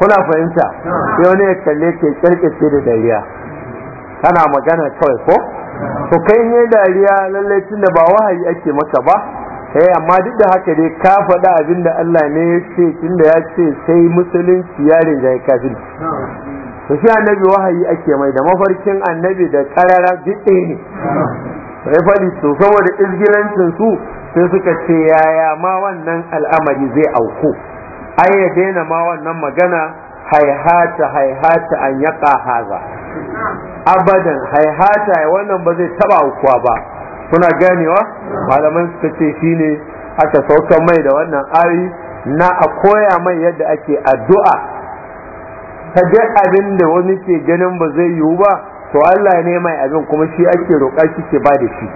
kuna fahimta sai wani ya kalle ke kyarkace da dariya kana magana kawai ko to kai ne dariya lallai tunda ba wahayi ake maka ba kai eh, amma duk da haka dai ka faɗa abin da Allah ne ya ce tunda ya ce sai musulunci yarin zai kafirci to shi annabi wahayi ake mai da mafarkin annabi da karara duk ne sai faɗi to saboda izgilancin su sai suka ce yaya ma wannan al'amari zai auku ai ya daina ma wannan magana haihata haihata an yaƙa haza abadan haihata wannan ba zai taba aukuwa ba kuna ganewa malaman suka ce shine aka saukan mai da wannan ayi na a koya mai yadda ake addu'a ta je abin da wani ke ganin ba zai yiwu ba to Allah ne mai abin kuma shi ake roƙa shi ke ba da shi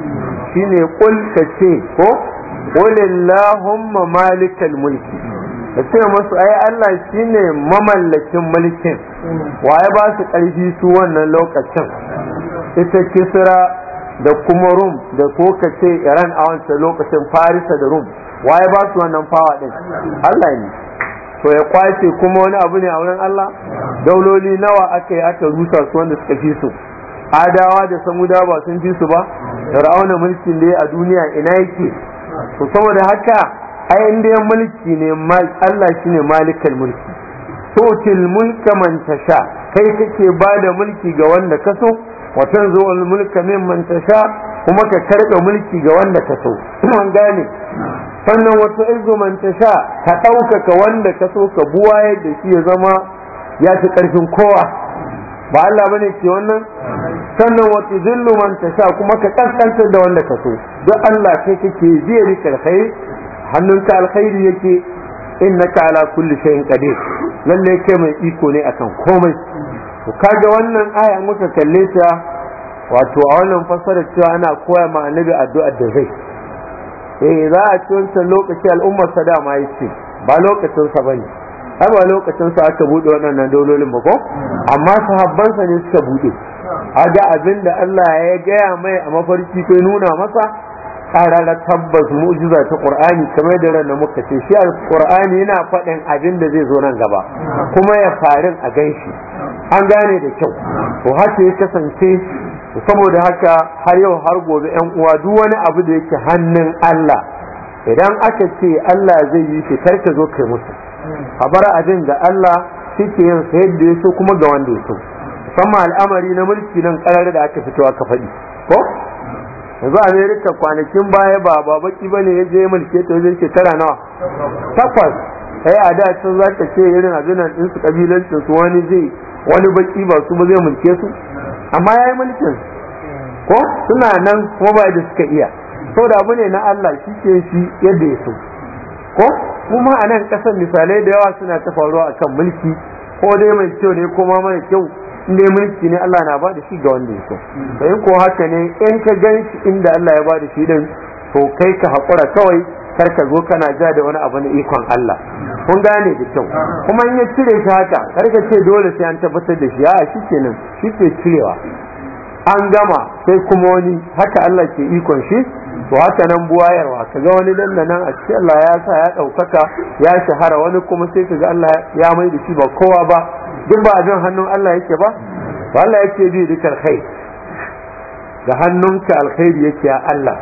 shine kul ka ce ko qul mamalikal malikal mulki ka ce musu ai Allah shine mamallakin mulkin waye ba su karfi su wannan lokacin ita kisra da kuma rum da ko ka ce iran a wancan lokacin farisa da rum waye ba su wannan fawa din Allah ne to ya kwace kuma wani abu ne a wurin Allah dauloli nawa aka yi aka rusa su wanda suka fi su adawa da samuda ba sun fi su ba fir'auna mulkin da a duniya ina yake to saboda haka ai inda ya mulki ne Allah shine malikal mulki til mulka man tasha kai kake ba da mulki ga wanda ka so wa al mulka man tasha kuma ka karɓe mulki ga wanda ka so [clears throat] an gane sannan wata izu man tasha ka ɗaukaka wanda ka so ka buwaye da shi ya zama ya ci ƙarfin kowa ba Allah bane ke wannan sannan wa tuzillu man tasha kuma ka kaskantar da wanda ka so duk Allah kai kake jiya rika alkhairi ka alkhairi yake innaka ala kulli shay'in qadir lalle kai mai iko ne akan komai to kaga wannan aya muka kalle ta wato a wannan fassara cewa ana koya ma annabi addu'ar da zai eh za a ci wancan lokaci al'ummar sa dama yace ba lokacin sa bane ai ba lokacin sa aka bude waɗannan na ba ko amma sahabbansa ne suka bude aga abin da Allah ya gaya mai a mafarki kai nuna masa karara tabbas mu'jiza ta Qur'ani kamar da rana muka ce shi Qur'ani yana faɗin abin da zai zo nan gaba kuma ya farin a ganshi an gane da kyau to haka ya kasance saboda haka har yau har gobe yan uwa duk wani abu da yake hannun Allah idan aka ce Allah zai yi shi kar ka zo kai musu a bar abin ga Allah suke yin sa yadda ya so kuma ga wanda ya so al'amari na mulki nan karar da aka fito aka faɗi ko yanzu america kwanakin baya ba ba baki ba ne ya je mulke ta wajen shekara nawa takwas sai eh, a da sun za ta ce irin a su kabilancin su wani zai wani baki ba su ba zai mulke su amma ya yi mulkin ko suna nan kuma ba da suka iya saboda abu ne na allah shi ke shi yadda ya so ko kuma a nan kasar misalai da yawa suna ta faruwa a kan mulki ko dai mai kyau ne ko ma mara kyau in mulki ne Allah na bada shi ga wanda ya so to ko haka ne in ka gan inda Allah ya bada shi din to kai ka hakura kawai kar ka zo kana ja da wani abu na ikon Allah kun gane da kyau kuma in ya cire shi haka kar ka ce dole sai an tabbatar da shi a shi kenan shi ke cirewa an gama sai kuma wani haka Allah ke ikon shi to haka nan buwayarwa ga wani dan nan a cikin Allah ya sa ya ɗaukaka ya shahara wani kuma sai kaga Allah ya mai da shi ba kowa ba duk ba a hannun Allah yake ba to Allah yake bi dukkan khair da hannunka alkhairi yake a Allah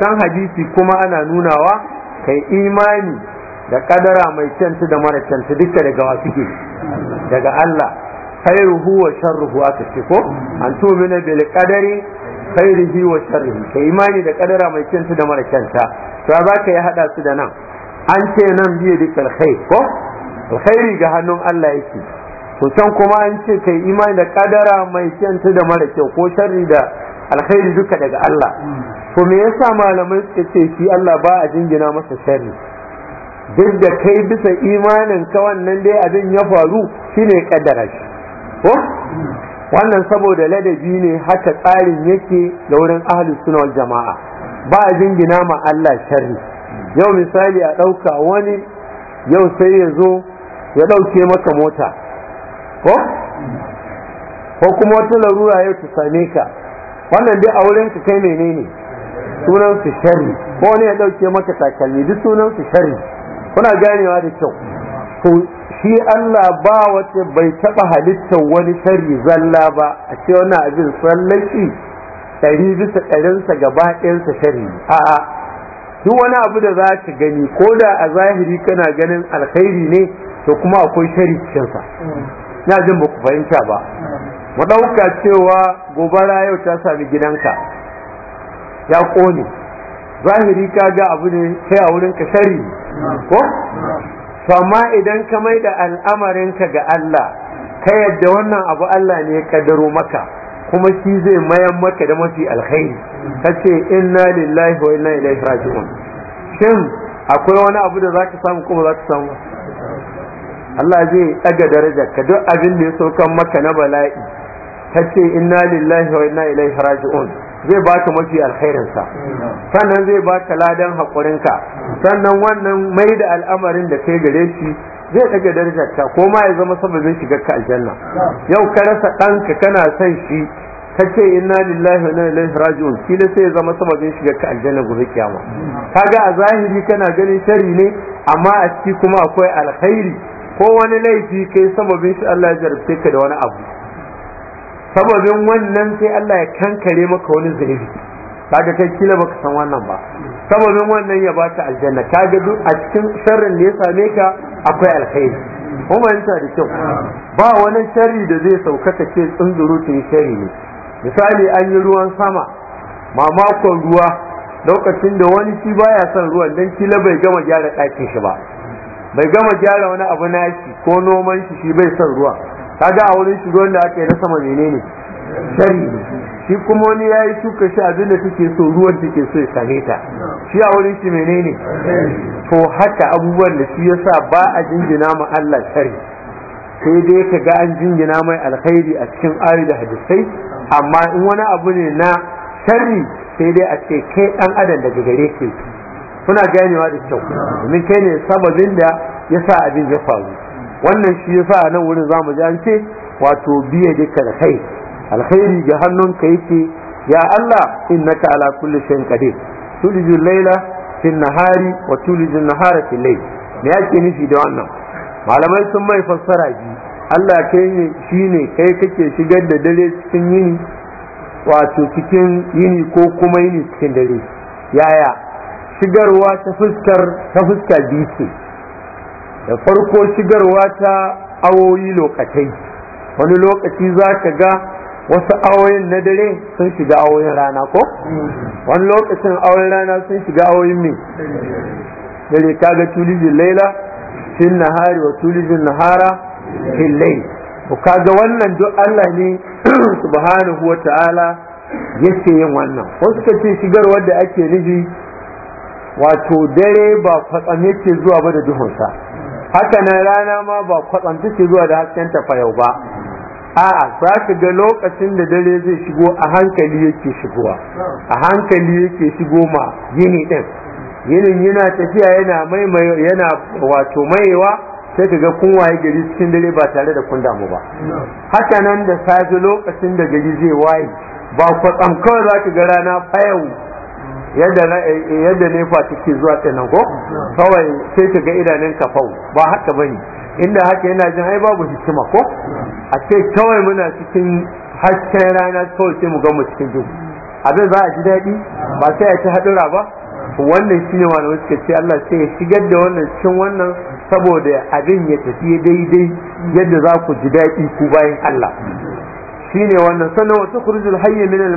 can hadisi kuma ana nunawa kai imani da kadara mai canta da mara canta duka daga wa suke daga Allah khairuhu wa sharruhu aka ce ko an tu'mina bil qadari khairuhu wa sharruhu kai imani da kadara mai kyanta da mara to ba ka ya hada su da nan an ce nan biye kal khair ko alkhairi ga hannun Allah yake to can kuma an ce kai imani da kadara mai kyanta da mara kyau ko sharri da alkhairi duka daga Allah to me yasa malamai suka ce shi Allah ba a jingina masa sharri duk da kai bisa imanin ka wannan dai abin ya faru shine kaddara shi ko wannan saboda ladabi ne haka tsarin yake da wurin ahli sunna jama'a ba a jingina ma Allah sharri yau misali a ɗauka wani yau sai ya zo ya ɗauke maka mota ko ko kuma wata larura ya ta same ka wannan dai a wurin ka kai menene sunan su sharri ko ne ya ɗauke maka takalmi duk sunan su sharri kuna ganewa da kyau shi Allah ba wace bai taɓa halittar wani shari zalla ba a ce wani abin sallaci ɗari bisa ɗarinsa gaba ɗayansa shari a'a duk wani abu da za ka gani ko da a zahiri kana ganin alkhairi ne to kuma akwai shari cikinsa na jin ba ku fahimta ba mu ɗauka cewa gobara yau ta sami gidanka ya ƙone zahiri ka ga abu ne kai a wurin ka shari ko to amma idan ka mai da al'amarinka ga Allah ka yadda wannan abu Allah ne ya kaddaro maka kuma shi zai mayan maka da mafi alkhairi ka ce inna lillahi wa inna ilaihi raji'un shin akwai wani abu da zaka samu kuma zaka samu Allah zai daga daraja ka duk abin da ya saukan maka na bala'i ka ce inna lillahi wa inna ilaihi raji'un zai baka mafi alkhairinsa sannan zai baka ladan haƙurinka sannan wannan mai da al'amarin da kai gare shi zai ɗaga darajarta ko ma ya zama zai shiga ka aljanna yau ka rasa ɗanka kana son shi ka ce inna lillahi wa inna ilaihi raji'un kila sai ya zama zai shiga ka aljanna gobe kiyama kaga a zahiri kana ganin shari ne amma a ciki kuma akwai alkhairi ko wani laifi kai saboda shi Allah ya jarabce ka da wani abu sababin wannan sai Allah ya kankare maka wani zunubi kaga kai kila baka san wannan ba sababin wannan ya baka aljanna kaga duk a cikin sharrin da ya same ka akwai alkhairi kuma yanta da kyau ba wani sharri da zai sauka ka ce tsunduru ta yi sharri ne misali an yi ruwan sama mamakon ruwa lokacin da wani shi baya son ruwan dan kila bai gama gyara ɗakin shi ba bai gama gyara wani abu na shi, ko noman shi shi bai son ruwa kaga a wurin shi ruwan da aka yi na sama menene shari shi kuma wani ya yi shuka shi a abinda take so ruwan take so ya same ta shi a wurin shi menene to haka abubuwan da shi yasa ba a jinjina ma Allah shari sai dai ka ga an jingina mai alkhairi a cikin ayoyi da hadisai amma in wani abu ne na sharri sai dai a ce kai dan adam daga gare ke kuna ganewa da kyau domin kai ne sababin da yasa abin ya faru wannan shi yasa nan wurin zamu ji an ce wato biya dika da kai alkhairi ga hannunka yake ya Allah innaka ala kulli shay'in qadir tuliju laila fi nahari wa tuliju nahara fi layl me yake nufi da wannan malamai sun mai fassara ji Allah kai ne shine kai kake shigar da dare cikin yini wato cikin yini ko kuma yini cikin dare yaya shigarwa ta fuskar ta fuska biyu da farko shigarwa ta awoyi lokacin wani lokaci za ka ga wasu awoyin na dare sun shiga awoyin rana ko wani lokacin awoyin rana sun shiga awoyin me dare ga tulijin laila na nahari wa tulijin nahara fil lai. ka ga wannan duk Allah ne [clears throat] subhanahu wa ta'ala ya ce yin wannan wasu ka ce shigarwar da ake nufi wato dare ba kwatsam yake zuwa ba da duhunsa haka nan rana ma ba kwatsanta ce zuwa da hasken ta fayau ba a'a za ka ga lokacin da dare zai shigo a hankali yake shigowa a hankali yake shigo ma yini din yinin yana tafiya yana maimayo yana wato mayewa sai ka ga kun waye gari cikin dare ba tare da kun damu ba haka nan da safe lokacin da gari zai waye ba kwatsam kawai za ka ga rana fayau yadda ne fa take zuwa kenan ko kawai sai ka ga idanun ka fau ba haka bane inda haka yana jin ai babu hikima ko a ce kawai muna cikin hasken rana kawai sai mu ga mu cikin duhu abin za a ji daɗi ba sai a ci haɗura ba wannan shine wani suka ce Allah sai ya shigar da wannan cikin wannan saboda abin ya tafi daidai yadda za ku ji daɗi ku bayan Allah shine wannan sanan wa tukhrujul hayya min al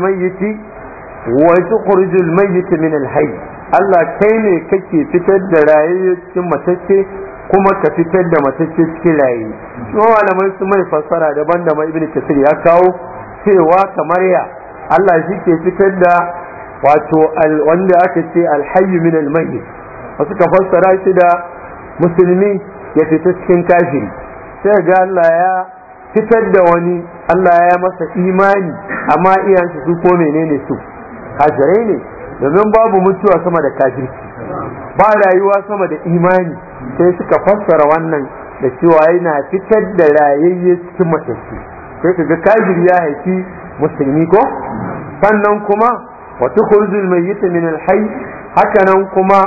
wa tukhrijul mayyit min al-hayy Allah kai ne kake fitar da raye cikin matacce kuma ka fitar da matacce cikin raye kuma malamai su mai fassara daban da ibnu kasir ya kawo cewa kamar ya Allah shi ke fitar da wato wanda aka ce al-hayy min al-mayyit wasu ka fassara shi da musulmi ya fita cikin kafiri sai ga Allah ya fitar da wani Allah ya masa imani amma iyansu su ko menene su kafirai ne domin babu mutuwa sama da kafirci ba rayuwa sama da imani sai suka fassara wannan da cewa yana fitar da rayayye cikin matattu sai ka ga kafir ya haifi musulmi ko sannan kuma wata kurzul mai yi min alhai hakanan kuma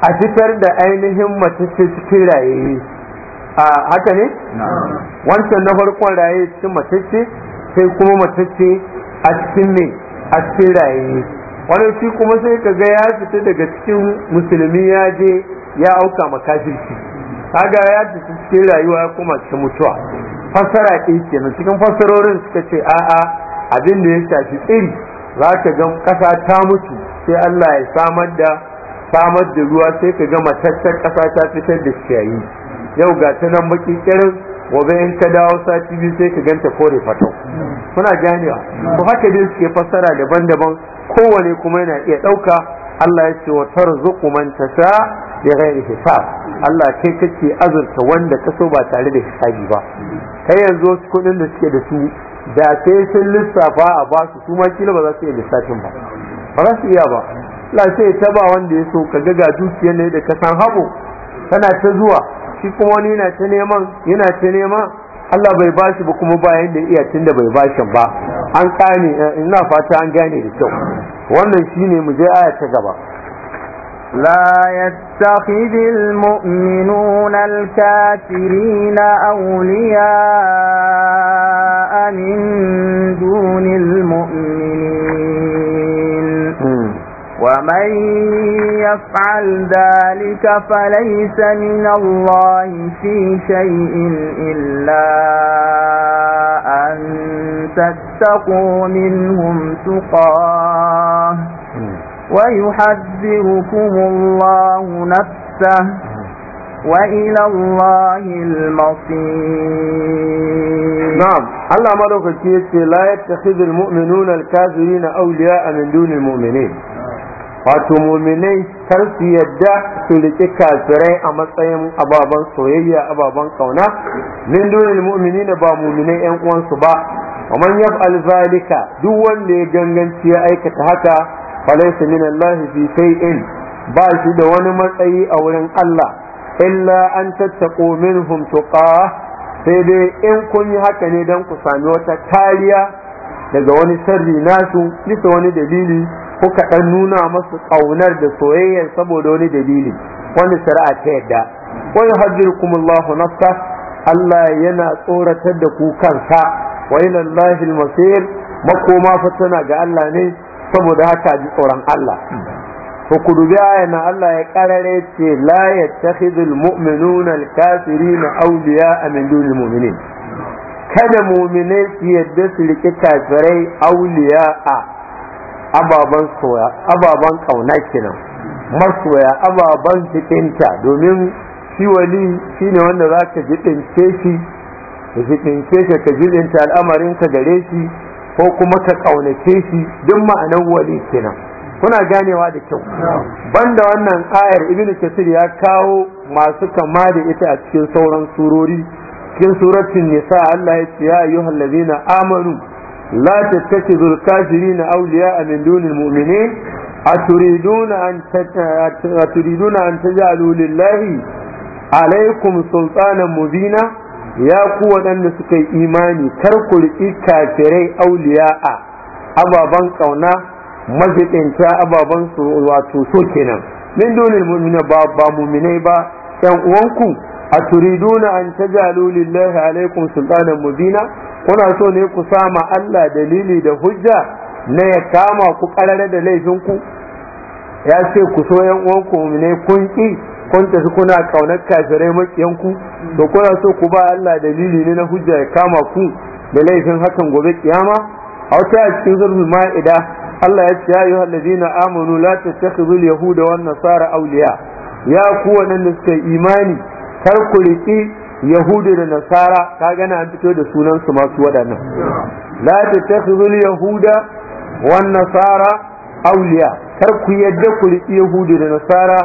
a fitar da ainihin matacce cikin rayayye a haka ne wancan na farkon raye cikin matacce sai kuma matacce a cikin mai a cikin raye wani shi kuma sai ka ga ya fita daga cikin musulmi ya je ya auka makafirci kaga ya fita cikin rayuwa ya koma cikin mutuwa fassara ke kenan cikin fassarorin suka ce a'a abin da ya shafi tsiri za ka ga ƙasa ta mutu sai Allah ya samar da samar da ruwa sai ka ga matattar ƙasa ta fitar da ciyayi yau ga ta nan baki gobe in ka dawo sati biyu sai ka ganta kore fatau kuna ganewa ko haka dai suke fassara daban-daban kowane kuma yana iya ɗauka Allah ya ce wa tarzuqu man tasha bi ghairi hisab Allah kai kake azurta wanda ka so ba tare da hisabi ba kai yanzu kuɗin da suke da su da sai sun lissafa a ba su su ma kila ba za su iya lissafin ba ba za su iya ba Allah sai ta ba wanda ya so ka ga ga dukiyar ne da ka san habo tana ta zuwa shi kuma wani yana ta neman yana ta nema, Allah bai bashi ba kuma bayan da iya tunda bai bashi ba an kane eh, ina fata an gane da kyau wannan shine mu je aya ta gaba لا يتخذ المؤمنون الكافرين أولياء من دون المؤمنين ومن يفعل ذلك فليس من الله في شيء إلا أن تتقوا منهم تقاه ويحذركم الله نفسه وإلى الله المصير نعم الله ملوك كيف لا يتخذ المؤمنون الكافرين أولياء من دون المؤمنين wato muminai kar su yadda su riƙe kafirai a matsayin ababan soyayya ababen kauna min mumini mu'minina ba muminai yan uwansu ba wa man yaf'al zalika duk wanda ya ganganci ya aikata haka falaysa min Allah fi shay'in ba shi da wani matsayi a wurin Allah illa an tattaqu minhum tuqa sai dai in kun yi haka ne dan ku sami wata kariya daga wani sharri nasu bisa wani dalili kuka ɗan nuna masu ƙaunar da soyayya saboda wani dalili wani shari'a ta yadda wa yuhaddirukum Allahu nafsa Allah yana tsoratar da ku kansa wa ila Allahi makoma fa tana ga Allah ne saboda haka ji tsoron Allah to ku dubi Allah ya karare ce la yattakhidul mu'minuna alkafirina awliya min dunil mu'minin kada mu'minai su yadda su rike kafirai a. Ababan soya ababen kauna kenan masoya ababan jikinta domin shi wali shine wanda za ka jikince shi ka jikince shi ka al'amarin ka gare shi ko kuma ka kaunace shi duk ma'anar wali kenan kuna ganewa da kyau banda wannan ayar ibnu kasir ya kawo masu kama da ita a cikin sauran surori cikin suratul nisa Allah ya ce ya ayyuhallazina amanu لا تتخذوا الكافرين أولياء من دون المؤمنين أتريدون أن أتريدون أن تجعلوا لله عليكم سلطانا مبينا يا قوة أن سكي إيماني كركل الكافرين أولياء أبا بنكونا majiɗin ta ababen su wato so kenan min با با ba با mu'minai ba ƴan uwanku aturiduna an tajalu lillahi alaikum sultanan mubina kuna so ne ku sama Allah dalili da hujja na ya kama ku karare da laifin ku ya ce ku so yan uwanku ne kun ki kun tafi kuna kaunar kafirai makiyan ku to kuna so ku ba Allah dalili ne na hujja ya kama ku da laifin hakan gobe kiyama a wata a cikin zurfin ma'ida Allah ya ce ya yi hallazina amanu la tattakhidul yahuda wannan sara auliya ya ku waɗanda suka imani kar ku riƙi yahudu da nasara ka gana an fito da sunan su masu waɗannan la tattakhidhul yahuda wan nasara awliya kar ku yadda ku riƙi yahudu da nasara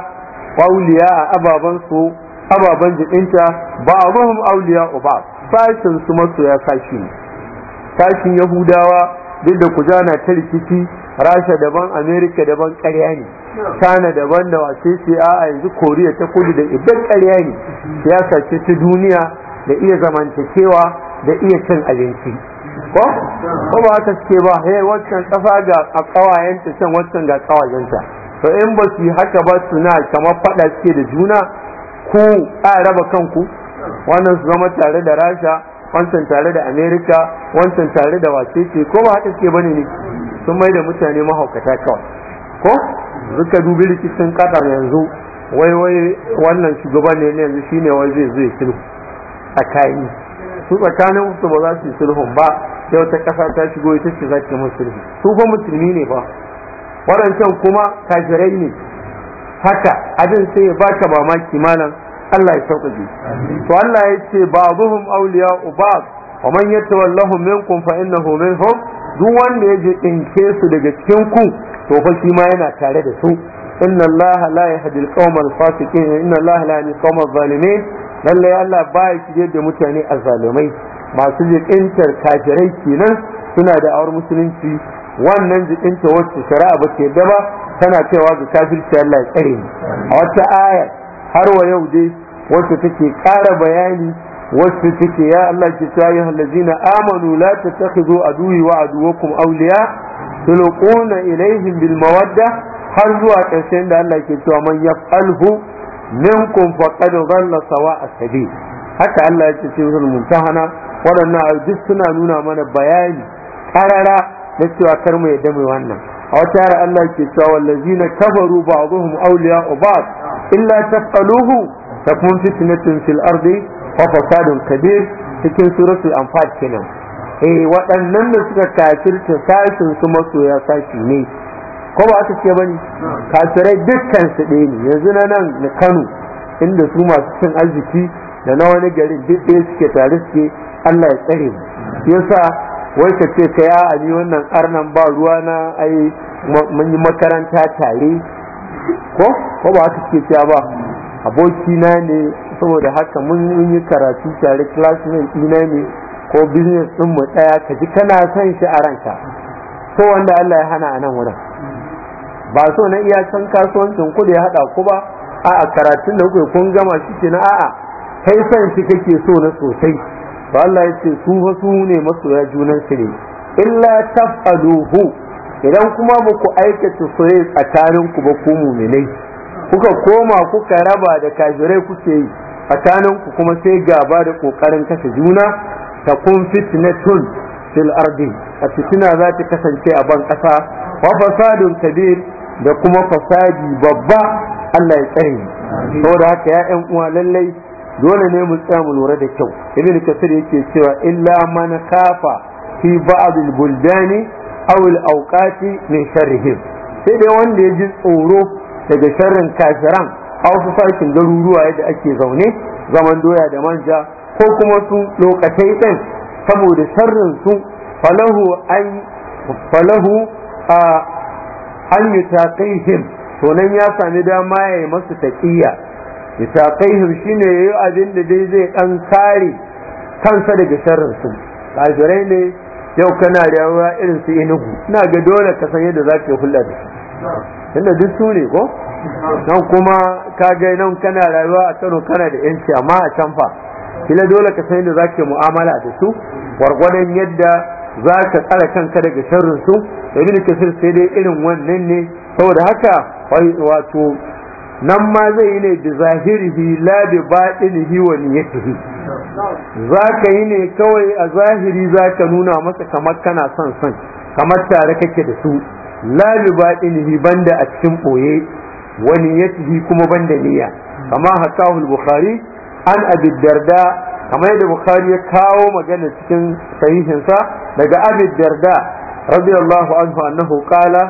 awliya a ababan su ababan jidinta ba'dhum awliya ba fashin su masoya sashi ne sashin yahudawa duk da ku na ta rikici rasha daban amerika daban ƙarya ne China daban da wace ce a yanzu Koriya ta kudu da idan ƙarya ne ya sace ta duniya da iya zamantakewa da iya cin abinci ko ko ba haka ce ba he waccan kafa ga kawayenta can waccan ga kawayenta to in ba su yi haka ba su na kamar faɗa suke da juna ku a raba kanku wannan su zama tare da rasha wancan tare da amerika wancan tare da wacece ko ba haka suke bane ne sun mai da mutane mahaukata kawai ko Zuka dubi rikicin ƙasar yanzu wai wai wannan shugaba ne yanzu shine wai zai zai sulhu kayi su tsakanin su ba za su yi sulhun ba sai wata ƙasa ta shigo ita ce za ta yi sulhu su fa musulmi ne ba waɗancan kuma kafirai ne haka abin sai ya baka mamaki malam Allah ya sauƙaƙe to Allah ya ce ba ba'dhum auliya ba wa man yatawallahu minkum fa innahu minhum duk wanda ya jinke su daga cikin ku to fa shi ma yana tare da su inna allaha la yahdi al-qawma al inna allaha la yahdi al-qawma al-zalimin lalle Allah baya shige da mutane azzalumai masu jikintar kafirai kenan suna da awar musulunci wannan jikinta wacce shari'a ba ke daba tana cewa ga kafirci Allah ya tsare ni a wata aya har wa yau dai wacce take kara bayani wasu take ya Allah ki ta yi halazina amanu la ta ta zo a duhi wa a duwakum auliya tulquna ilaihim bil mawadda har zuwa ƙarshen da Allah ke cewa man yaf'alhu minkum faqad dhalla sawa'a sabil haka Allah ya ce suratul mumtahana waɗannan duk suna nuna mana bayani karara da cewa kar mu yadda mai wannan a wata yara Allah ke cewa wallazina kafaru ba'dhum awliya'u ba'd illa taf'aluhu takun fitnatun fil ardi fafasadun fasadun kabir cikin suratul anfal kenan eh waɗannan da suka kafirta sashin su masoya sashi ne ko ba su ce bane kafirai dukkan su ɗaya ne yanzu na nan na Kano inda su masu cin arziki da na wani garin duk ɗaya suke tare suke Allah ya tsare mu yasa wai ka ce ka ya ani wannan arnan ba ruwa na ai mun yi makaranta tare ko ko ba su ce ba abokina ne saboda haka mun yi karatu tare classmate ɗina ne ko business ɗin mu ɗaya ka ji kana son shi a ranka ko wanda Allah ya hana a nan wurin ba so na iya san kasuwancin ku da ya haɗa ku ba a'a karatun da kuke kun gama shi ke na a'a kai son shi kake so na sosai Ba Allah ya ce su fa su ne masoya junan su ne illa tafaduhu idan kuma ba ku aikata soyayya ku ba ku muminai kuka koma kuka raba da kajirai kuke yi a ku kuma sai gaba da ƙoƙarin kasa juna ta kun fitnatun fil ardi a fitina za ta kasance a ban ƙasa wa fasadun kabir da kuma fasadi babba Allah ya tsare saboda haka ya ƴan uwa lallai dole ne mu tsaya mu lura da kyau ibn kasir yake cewa illa man kafa fi ba'd al buldani aw al awqati min sharrihim sai dai wanda ya ji tsoro daga sharrin kafiran a wasu sashin garuruwa yadda ake zaune zaman doya da manja ko kuma su lokatai ɗin saboda sharrin su falahu an falahu a an yi to ya sami dama ya yi masu taƙiyya yi taƙaihim shine ya yi abin da dai zai ɗan kare kansa daga sharrin su kafirai ne yau kana da yawa irin su inugu ina ga dole ka san yadda za hula da su tunda duk su ne ko nan kuma ka ga nan kana rayuwa a Kano kana da yanci amma a can fa kila dole ka san yadda zaka mu'amala da su wargwadon yadda za ka tsara kanka daga sharrin su ibn kasir sai dai irin wannan ne saboda haka wato nan ma zai yi ne da zahirihi la bi batinihi wa niyyatihi za ka yi ne kawai a zahiri za ka nuna masa kamar kana son son kamar tare kake da su la bi ilimi banda a cikin boye wani yatihi kuma banda niyya kama hakahu bukhari an abi darda kama yadda bukhari ya kawo magana cikin sahihinsa daga abi darda radiyallahu anhu annahu qala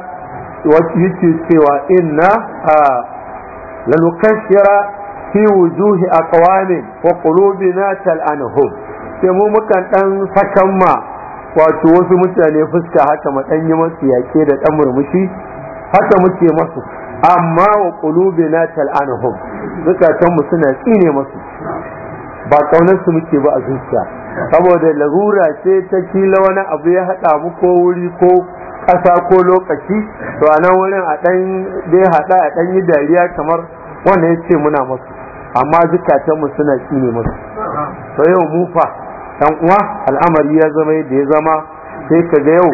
yace cewa inna lanukashira fi wujuhi aqwamin wa qulubina tal'anuhum sai mu mukan dan sakamma wato wasu mutane fuska haka mu masu yake da ɗan murmushi haka muke masu amma wa qulubina tal'anuhum zukatan mu suna tsine masu ba ƙaunarsu muke ba a zuciya saboda larura ce ta kila wani abu ya haɗa mu ko wuri ko ƙasa ko lokaci to a nan wurin a ɗan dai haɗa a ɗan yi dariya kamar wanda ya ce muna masu amma zukatanmu suna tsine masu to yau mu fa yan uwa al'amari ya zama yadda ya zama sai ka ga yau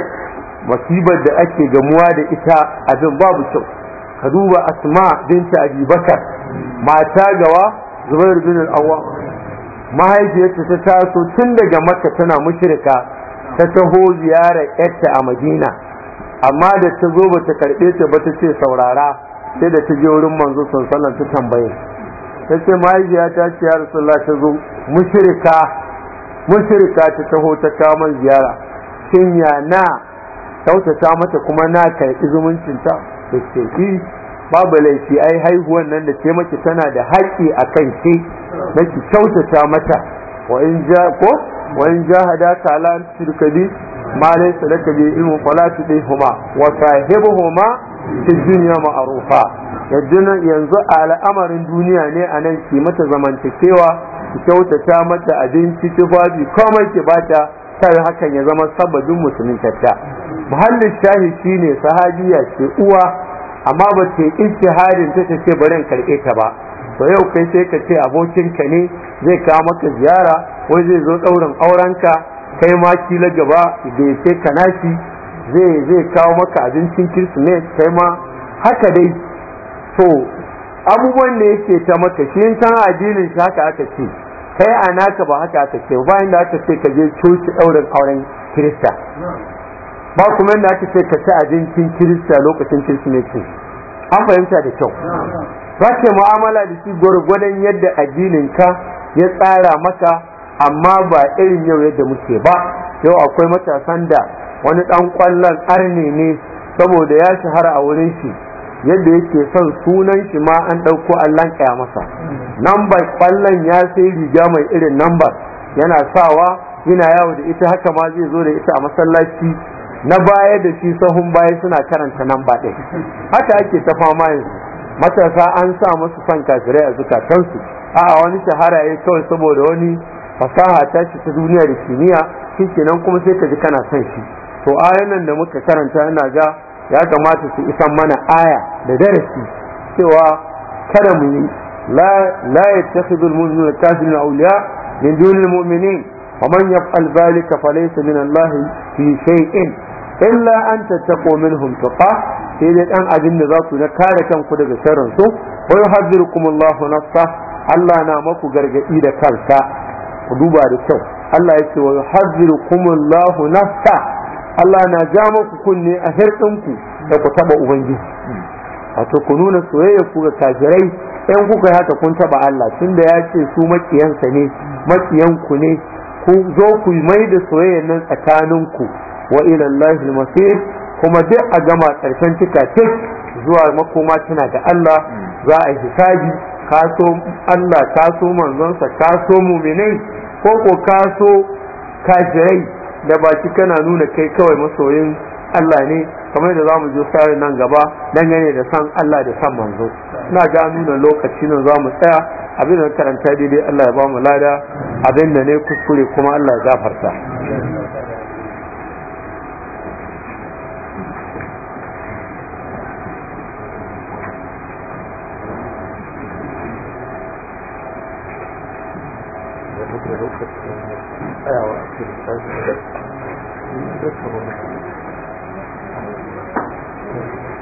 masibar da ake gamuwa da ita abin babu kyau ka duba asma binta Abibakar, bakar mata gawa zubair bin al-awwam mahaifiyarta ta taso tun daga makka tana mushrika ta taho ziyarar yarta a madina amma da ta zo bata karbe ta ba ta ce saurara sai da ta je wurin manzo sallallahu ta tambaye ta ce mahaifiyarta ta ce ya rasulullah ta zo mushrika mushrika ta taho ta kawo ziyara shin ya na kyautata mata kuma na karɓi ta? da ce babu laifi ai haihuwan nan da ce maki tana da haƙƙi a kan ke na ki kyautata mata wa in ja ko wa in ja hada ala shirkadi ma bi ilmu dai huma wa huma fi dunya ma'rufa yanzu yanzu al'amarin duniya ne anan ki mata zamantakewa ki kyautata mata abinci tufafi komai ki bata kar hakan ya zama sabadin musulmin tatta muhallin shahi shine sahabiya ce uwa amma ba ce yi ijtihadin ta ce bari in karɓe ta ba to yau kai sai ka ce abokinka ne zai kawo maka ziyara ko zai zo ɗaurin aurenka kai ma kila gaba da ya ce ka nashi zai zai kawo maka abincin kirsimeti kai ma haka dai to abubuwan da yake ta maka shi in san addinin shi haka aka ce kai a naka ba haka aka ce ba inda aka ce ka je coci ɗaurin auren kirista ba kuma inda aka ce ka ci abincin kirista lokacin kirsimeti an fahimta da kyau za ke mu'amala da shi gwargwadon yadda addinin ka ya tsara maka amma ba irin yau yadda muke ba yau akwai matasan da wani ɗan ƙwallon arne ne saboda ya shahara a wurin shi yadda yake son sunan shi ma an ɗauko allon kaya masa nambar ƙwallon ya sai riga mai irin nambar yana sawa yana yawo da ita haka ma zai zo da ita a masallaci na baya da shi sahun baya suna karanta namba ɗin haka ake ta fama yanzu matasa an sa musu son kafirai a zukatansu a wani shahara ya kawai saboda wani fasaha ta shi ta duniya da kimiyya shi kenan kuma sai ka ji kana son shi to nan da muka karanta ina ga ya kamata su isan mana aya da darasi cewa kada mu yi la yattakhidhu al-mu'minu al-kafirin awliya min duni al-mu'minin wa man yaf'al dhalika falaysa min Allah fi shay'in illa an tattaqu minhum tuqa sai dai ɗan abin da za ku na kare kanku daga sharrin su wa yuhadhirukum Allahu nafsa Allah na maku gargaɗi da kansa ku duba da kyau Allah ya ce wa yuhadhirukum Allahu nafsa Allah na ja muku kunne a ku da ku taɓa Ubangiji. Wato ku nuna soyayya ku ga kajirai. ‘yan kuka haka kun taɓa Allah tunda ya ce su maƙiyansa ne maƙiyanku ne ku zo ku mai da soyayya nan tsakaninku wa ilallahi masir kuma duk a gama ƙarshen cika zuwa makoma tana da Allah za a yi hisabi kaso Allah kaso manzonsa kaso muminai ko ko kaso kajirai da baki kana nuna kai kawai masoyin Allah ne kamar da zamu je sai nan gaba dangane da san Allah da san manzo ina ga nuna lokaci nan zamu tsaya abin da karanta daidai Allah ya ba mu lada abin da ne kuskure kuma Allah ya gafarta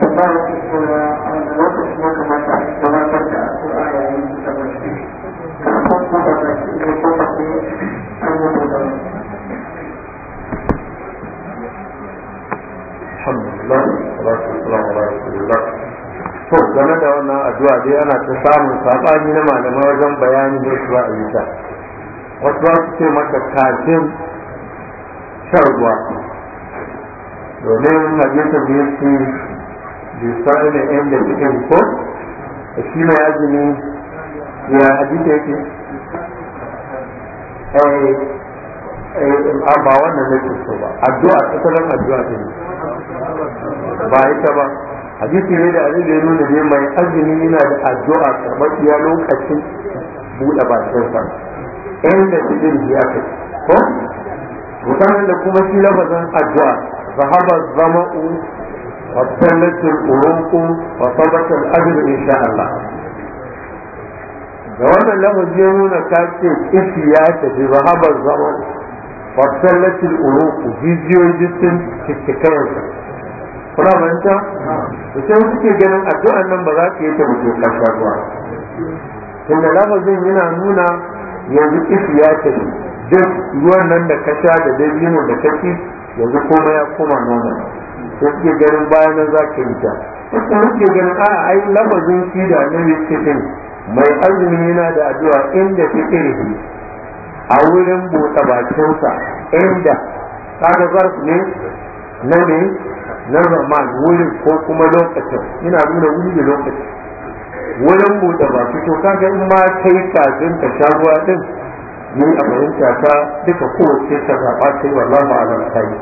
تبارك ana ta samun saɓani na malamai wajen bayani da su a wasu ba su ce maka kafin shan ruwa domin hadisin da bisani da yan da cikin ko shi mai azumi ya hadita yake a ba wannan ne so ba addu'a asalin addu'a ce ba ita ba hadisi ne da abin da ya nuna ne mai azumi yana da addu'a karɓar iya lokacin buɗe bakinsa yan da cikin ya kai ko mutanen da kuma shi lafazin addu'a zahaba zama'u وابتلت القلوب وصدق الأجر إن شاء الله da wannan lafazi ya nuna ta ce kishi zahabar zaman wasallatin uruku jijiyoyi sun cikkikayensa kuna fahimta da sai suke ganin addu'an nan ba za ka yi ta mutum ƙarshen ruwa tunda lafazin yana nuna yanzu kishi ya tafi duk ruwan nan da ka sha da dabino da ka ci yanzu komai ya koma nonon Ko suke ganin bayan nan za ka yi ta ko suke ganin a ai lafazin shi da annabi din. mai azumi yana da addu'a inda fikirhi a wurin buɗe bakinsa inda kaga zar ne na ne na zaman wurin ko kuma lokacin ina nuna wuri da lokaci wurin buɗe baki to kaga in ma kai kafin ka sha ruwa din ni a fahimta ta duka kowace ta zaɓa ta yi wallahu alam ta yi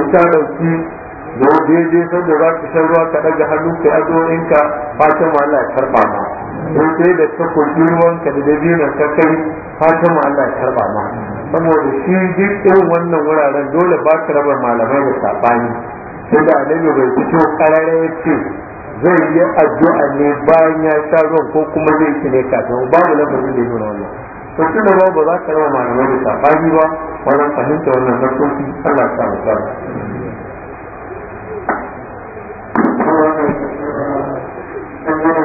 in ta ɗauki da daidai sanda za ka shan ruwa ka ɗaga hannu ka yi ka fatan ma Allah ya ma in sai da ka ruwan ruwanka da dabinan ka kai fatan ma Allah ya ma saboda shi duk irin wannan wuraren dole ba ka raba malamai da sabani sai da annabi bai fito karare ya ce zai yi addu'a ne bayan ya sha ruwan ko kuma zai ci ne kafin babu lamarin da ya nuna wannan to tun da ba za ka raba malamai da sabani ba wannan fahimta wannan nasoki Allah ya sa mu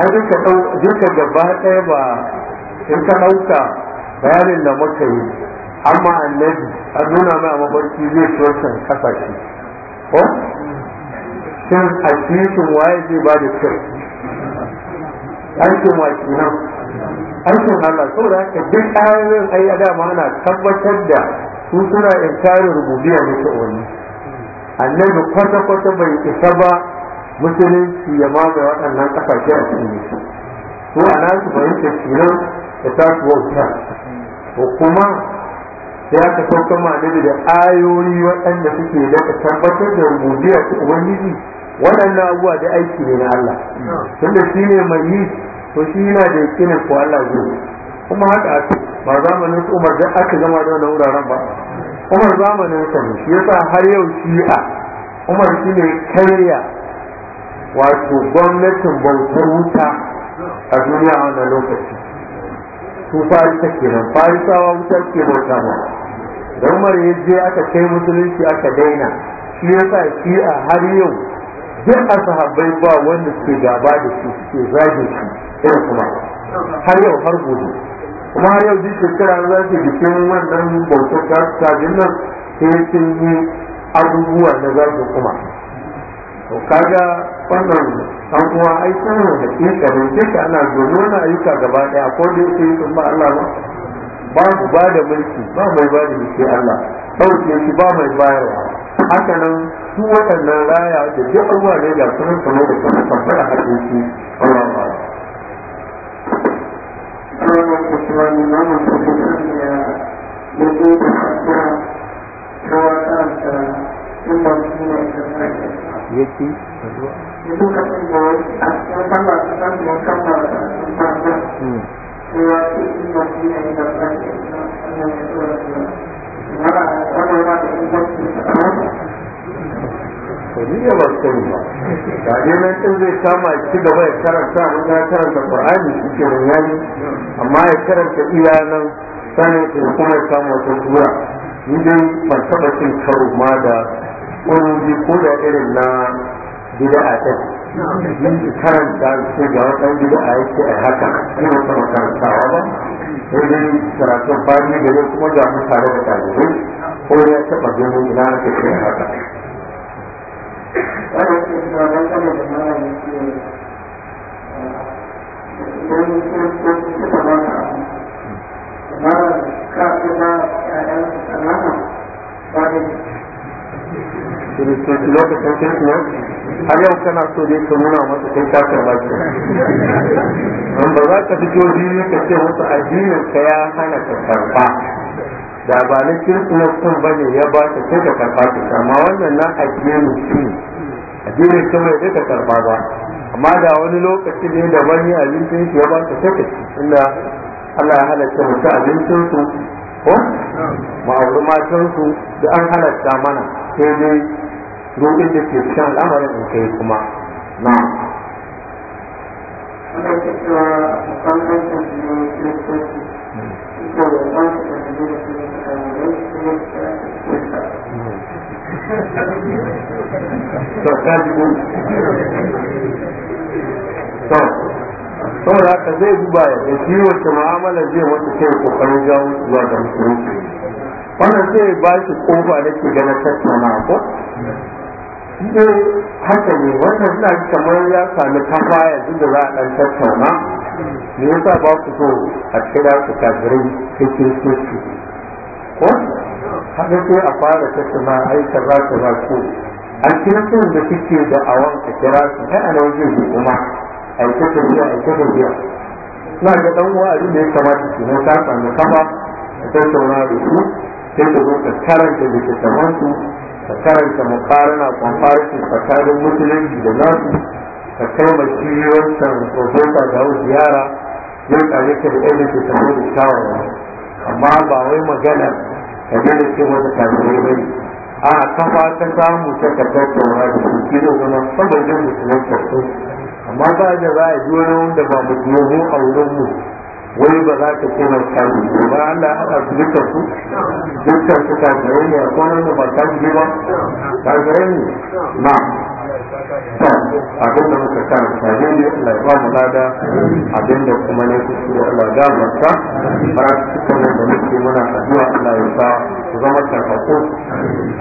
ai duka dau duka gaba ɗaya ba in ka ɗauka bayanin da muka yi amma annabi an nuna mai a mafarki zai ci wancan kasashe ko shin a cikin waye zai ba da kyau aikin wa an ce Allah saboda haka duk ayoyin ai dama ana tabbatar da su suna inkarin rububiyar mutu'uni annabi kwata-kwata bai isa ba musulunci ya da waɗannan ƙasashe a cikin su ko a nasu fahimta kenan da ta wauta ko kuma sai aka sauka ma'anabi da ayoyi waɗanda suke ka tabbatar da rubuciya ta ubangiji waɗannan abubuwa da aiki ne na Allah tunda shi ne mai yi to shi yana da yakinin ko Allah zai kuma haka ce ba zamanin Umar da aka zama da wani wuraren ba Umar zamanin sa ne shi yasa har yau shi'a Umar shi ne karya wato gwamnatin bautar wuta a duniya wanda lokaci su farisa kenan farisawa wuta ke bauta ba da umar ya je aka kai musulunci aka daina shi ya sa shi a har yau duk a sahabbai ba wanda suke gaba da shi suke zage shi irin kuma har yau har gobe kuma har yau duk shekara za su bikin wannan bautar ta nan sai sun yi abubuwa na zage kuma ka kaga wannan an kuma ai sanin da kinka ne ka ana gobe wani ayyuka gaba daya ko da yi sun ba Allah ba ba ba da mulki ba mai ba da mulki Allah dauke shi ba mai bayarwa haka nan su waɗannan raya da duk abubuwa ne ga sunan kamar da kuma tabbata hakin shi Allah ba na yake ta ya ce ba ba ba nan zai kama gaba ya karanta in ya karanta qur'ani shi ke amma ya karanta iya nan sanin kuma ya kama wata sura ni dai ban cin karo ma da ƙorobi ko da irin na a ta yi karanta su ga wata gida a yake a haka ina wata karantawa ba sai dai karatun fari da yau, kuma ga mutane da ɗalibai ko ya taɓa gani ina ake ce a haka. Wani ke ah, ba da kiristoci lokacin kirkiya har yau kana so dai ka nuna masa kai ka karba ki don ba za ka fito ne ka ce wasu addinin ka ya hana ka karba da ba na kirkiya sun bane ya ba ka sai ka karba ki amma wannan na addinin shi addinin ka bai ka karba ba amma da wani lokaci ne da wani abincin shi ya ba ka sai ka ci inda Allah ya halatta mutu abincin su ko ma'aurumatan su da an halatta mana sai dai ruɗin da ke cikin al'amarin in kai kuma na saboda haka zai duba ya shi wacce ma'amala zai wata ce kokarin jawo zuwa ga musulunci wannan zai ba shi kofa da ke gana tattauna ko ko haka ne wannan suna kamar ya sami kafa yanzu da za a ɗan tattauna me yasa ba ku so a kira ku kafirai cikin kiristoci ko haka sai a fara tattauna ai kaza kaza ko a kiristocin da suke da awon a kira su kai a nan zai kuma a yi ta a yi ta na ga ɗan uwa abin da ya kamata su na ta sami kafa a tattauna da su sai da zo ka karanta su. ka karanta mukarana kwamfarsu tsakanin musulunci da nasu ka kai ma shi wancan profesa da hau ziyara zai kare ka da ɗaya ke tafi da shawarwa amma ba wai magana ka da ce wata kafirai bai a ba ta samu ta ka tattauna da su kilo wannan saboda musulunci amma ba da za a ji wani wanda ba mu a wurin mu wai ba za ka koma kaji ba Allah ya haɗa su dukkan su dukkan su kafirai ne a kwanan da ba kaji ba kafirai ne na abin da muka karanta ne ne Allah ya ba mu lada abin da kuma ne kuskure Allah ga barka faratukan da muke muna addu'a Allah ya sa ku zama karfafu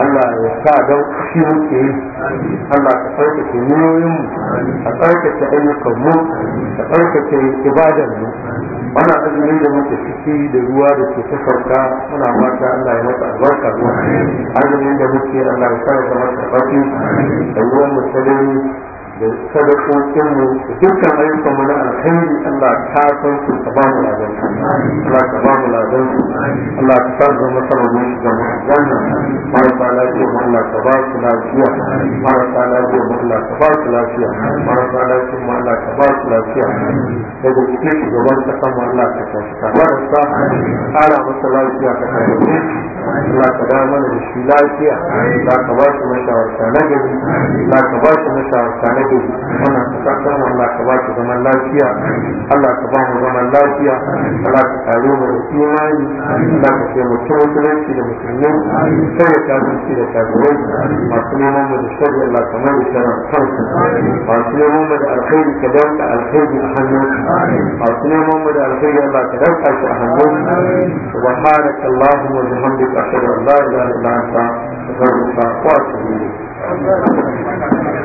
Allah ya sa don shi muke yi Allah ka tsarkake niyoyin mu ka tsarkake ayyukan mu ka tsarkake ibadan mu wannan azumi da muke ciki da ruwa da ke ta sauka muna fata Allah ya mata albarka ruwa azumin da muke Allah ya sa da zama da ruwan musulmi da sadakokinmu da dukkan mu na alkhairi Allah ka san su ka ba mu ladan su Allah ka ba mu ladan su Allah ka san zama sababin su mu wannan marasa lafiya mu Allah ka ba su lafiya marasa lafiya mu Allah ka ba su lafiya marasa lafiya mu Allah ka ba su lafiya daga cikin shugaban kasan mu Allah ka tafi ka ba da sa ala masa lafiya ka tafi Allah ka da mana da shi lafiya Allah ka ba su mashawarta na gari Allah ka ba su mashawarta na ku muna Allah ka baki zaman lafiya Allah ka ba mu zaman lafiya Allah ka kare mu da imani Allah ka ce mu tun da musulmi sai ya shi da kafirai masu neman mu da shari Allah ka mai da kansu masu neman mu da alkhairi ka dauka alkhairi a hannun masu neman mu da alkhairi Allah ka dauka shi a hannun subhanak Allahumma wa bihamdika ashhadu an la ilaha illa anta astaghfiruka wa atubu ilayk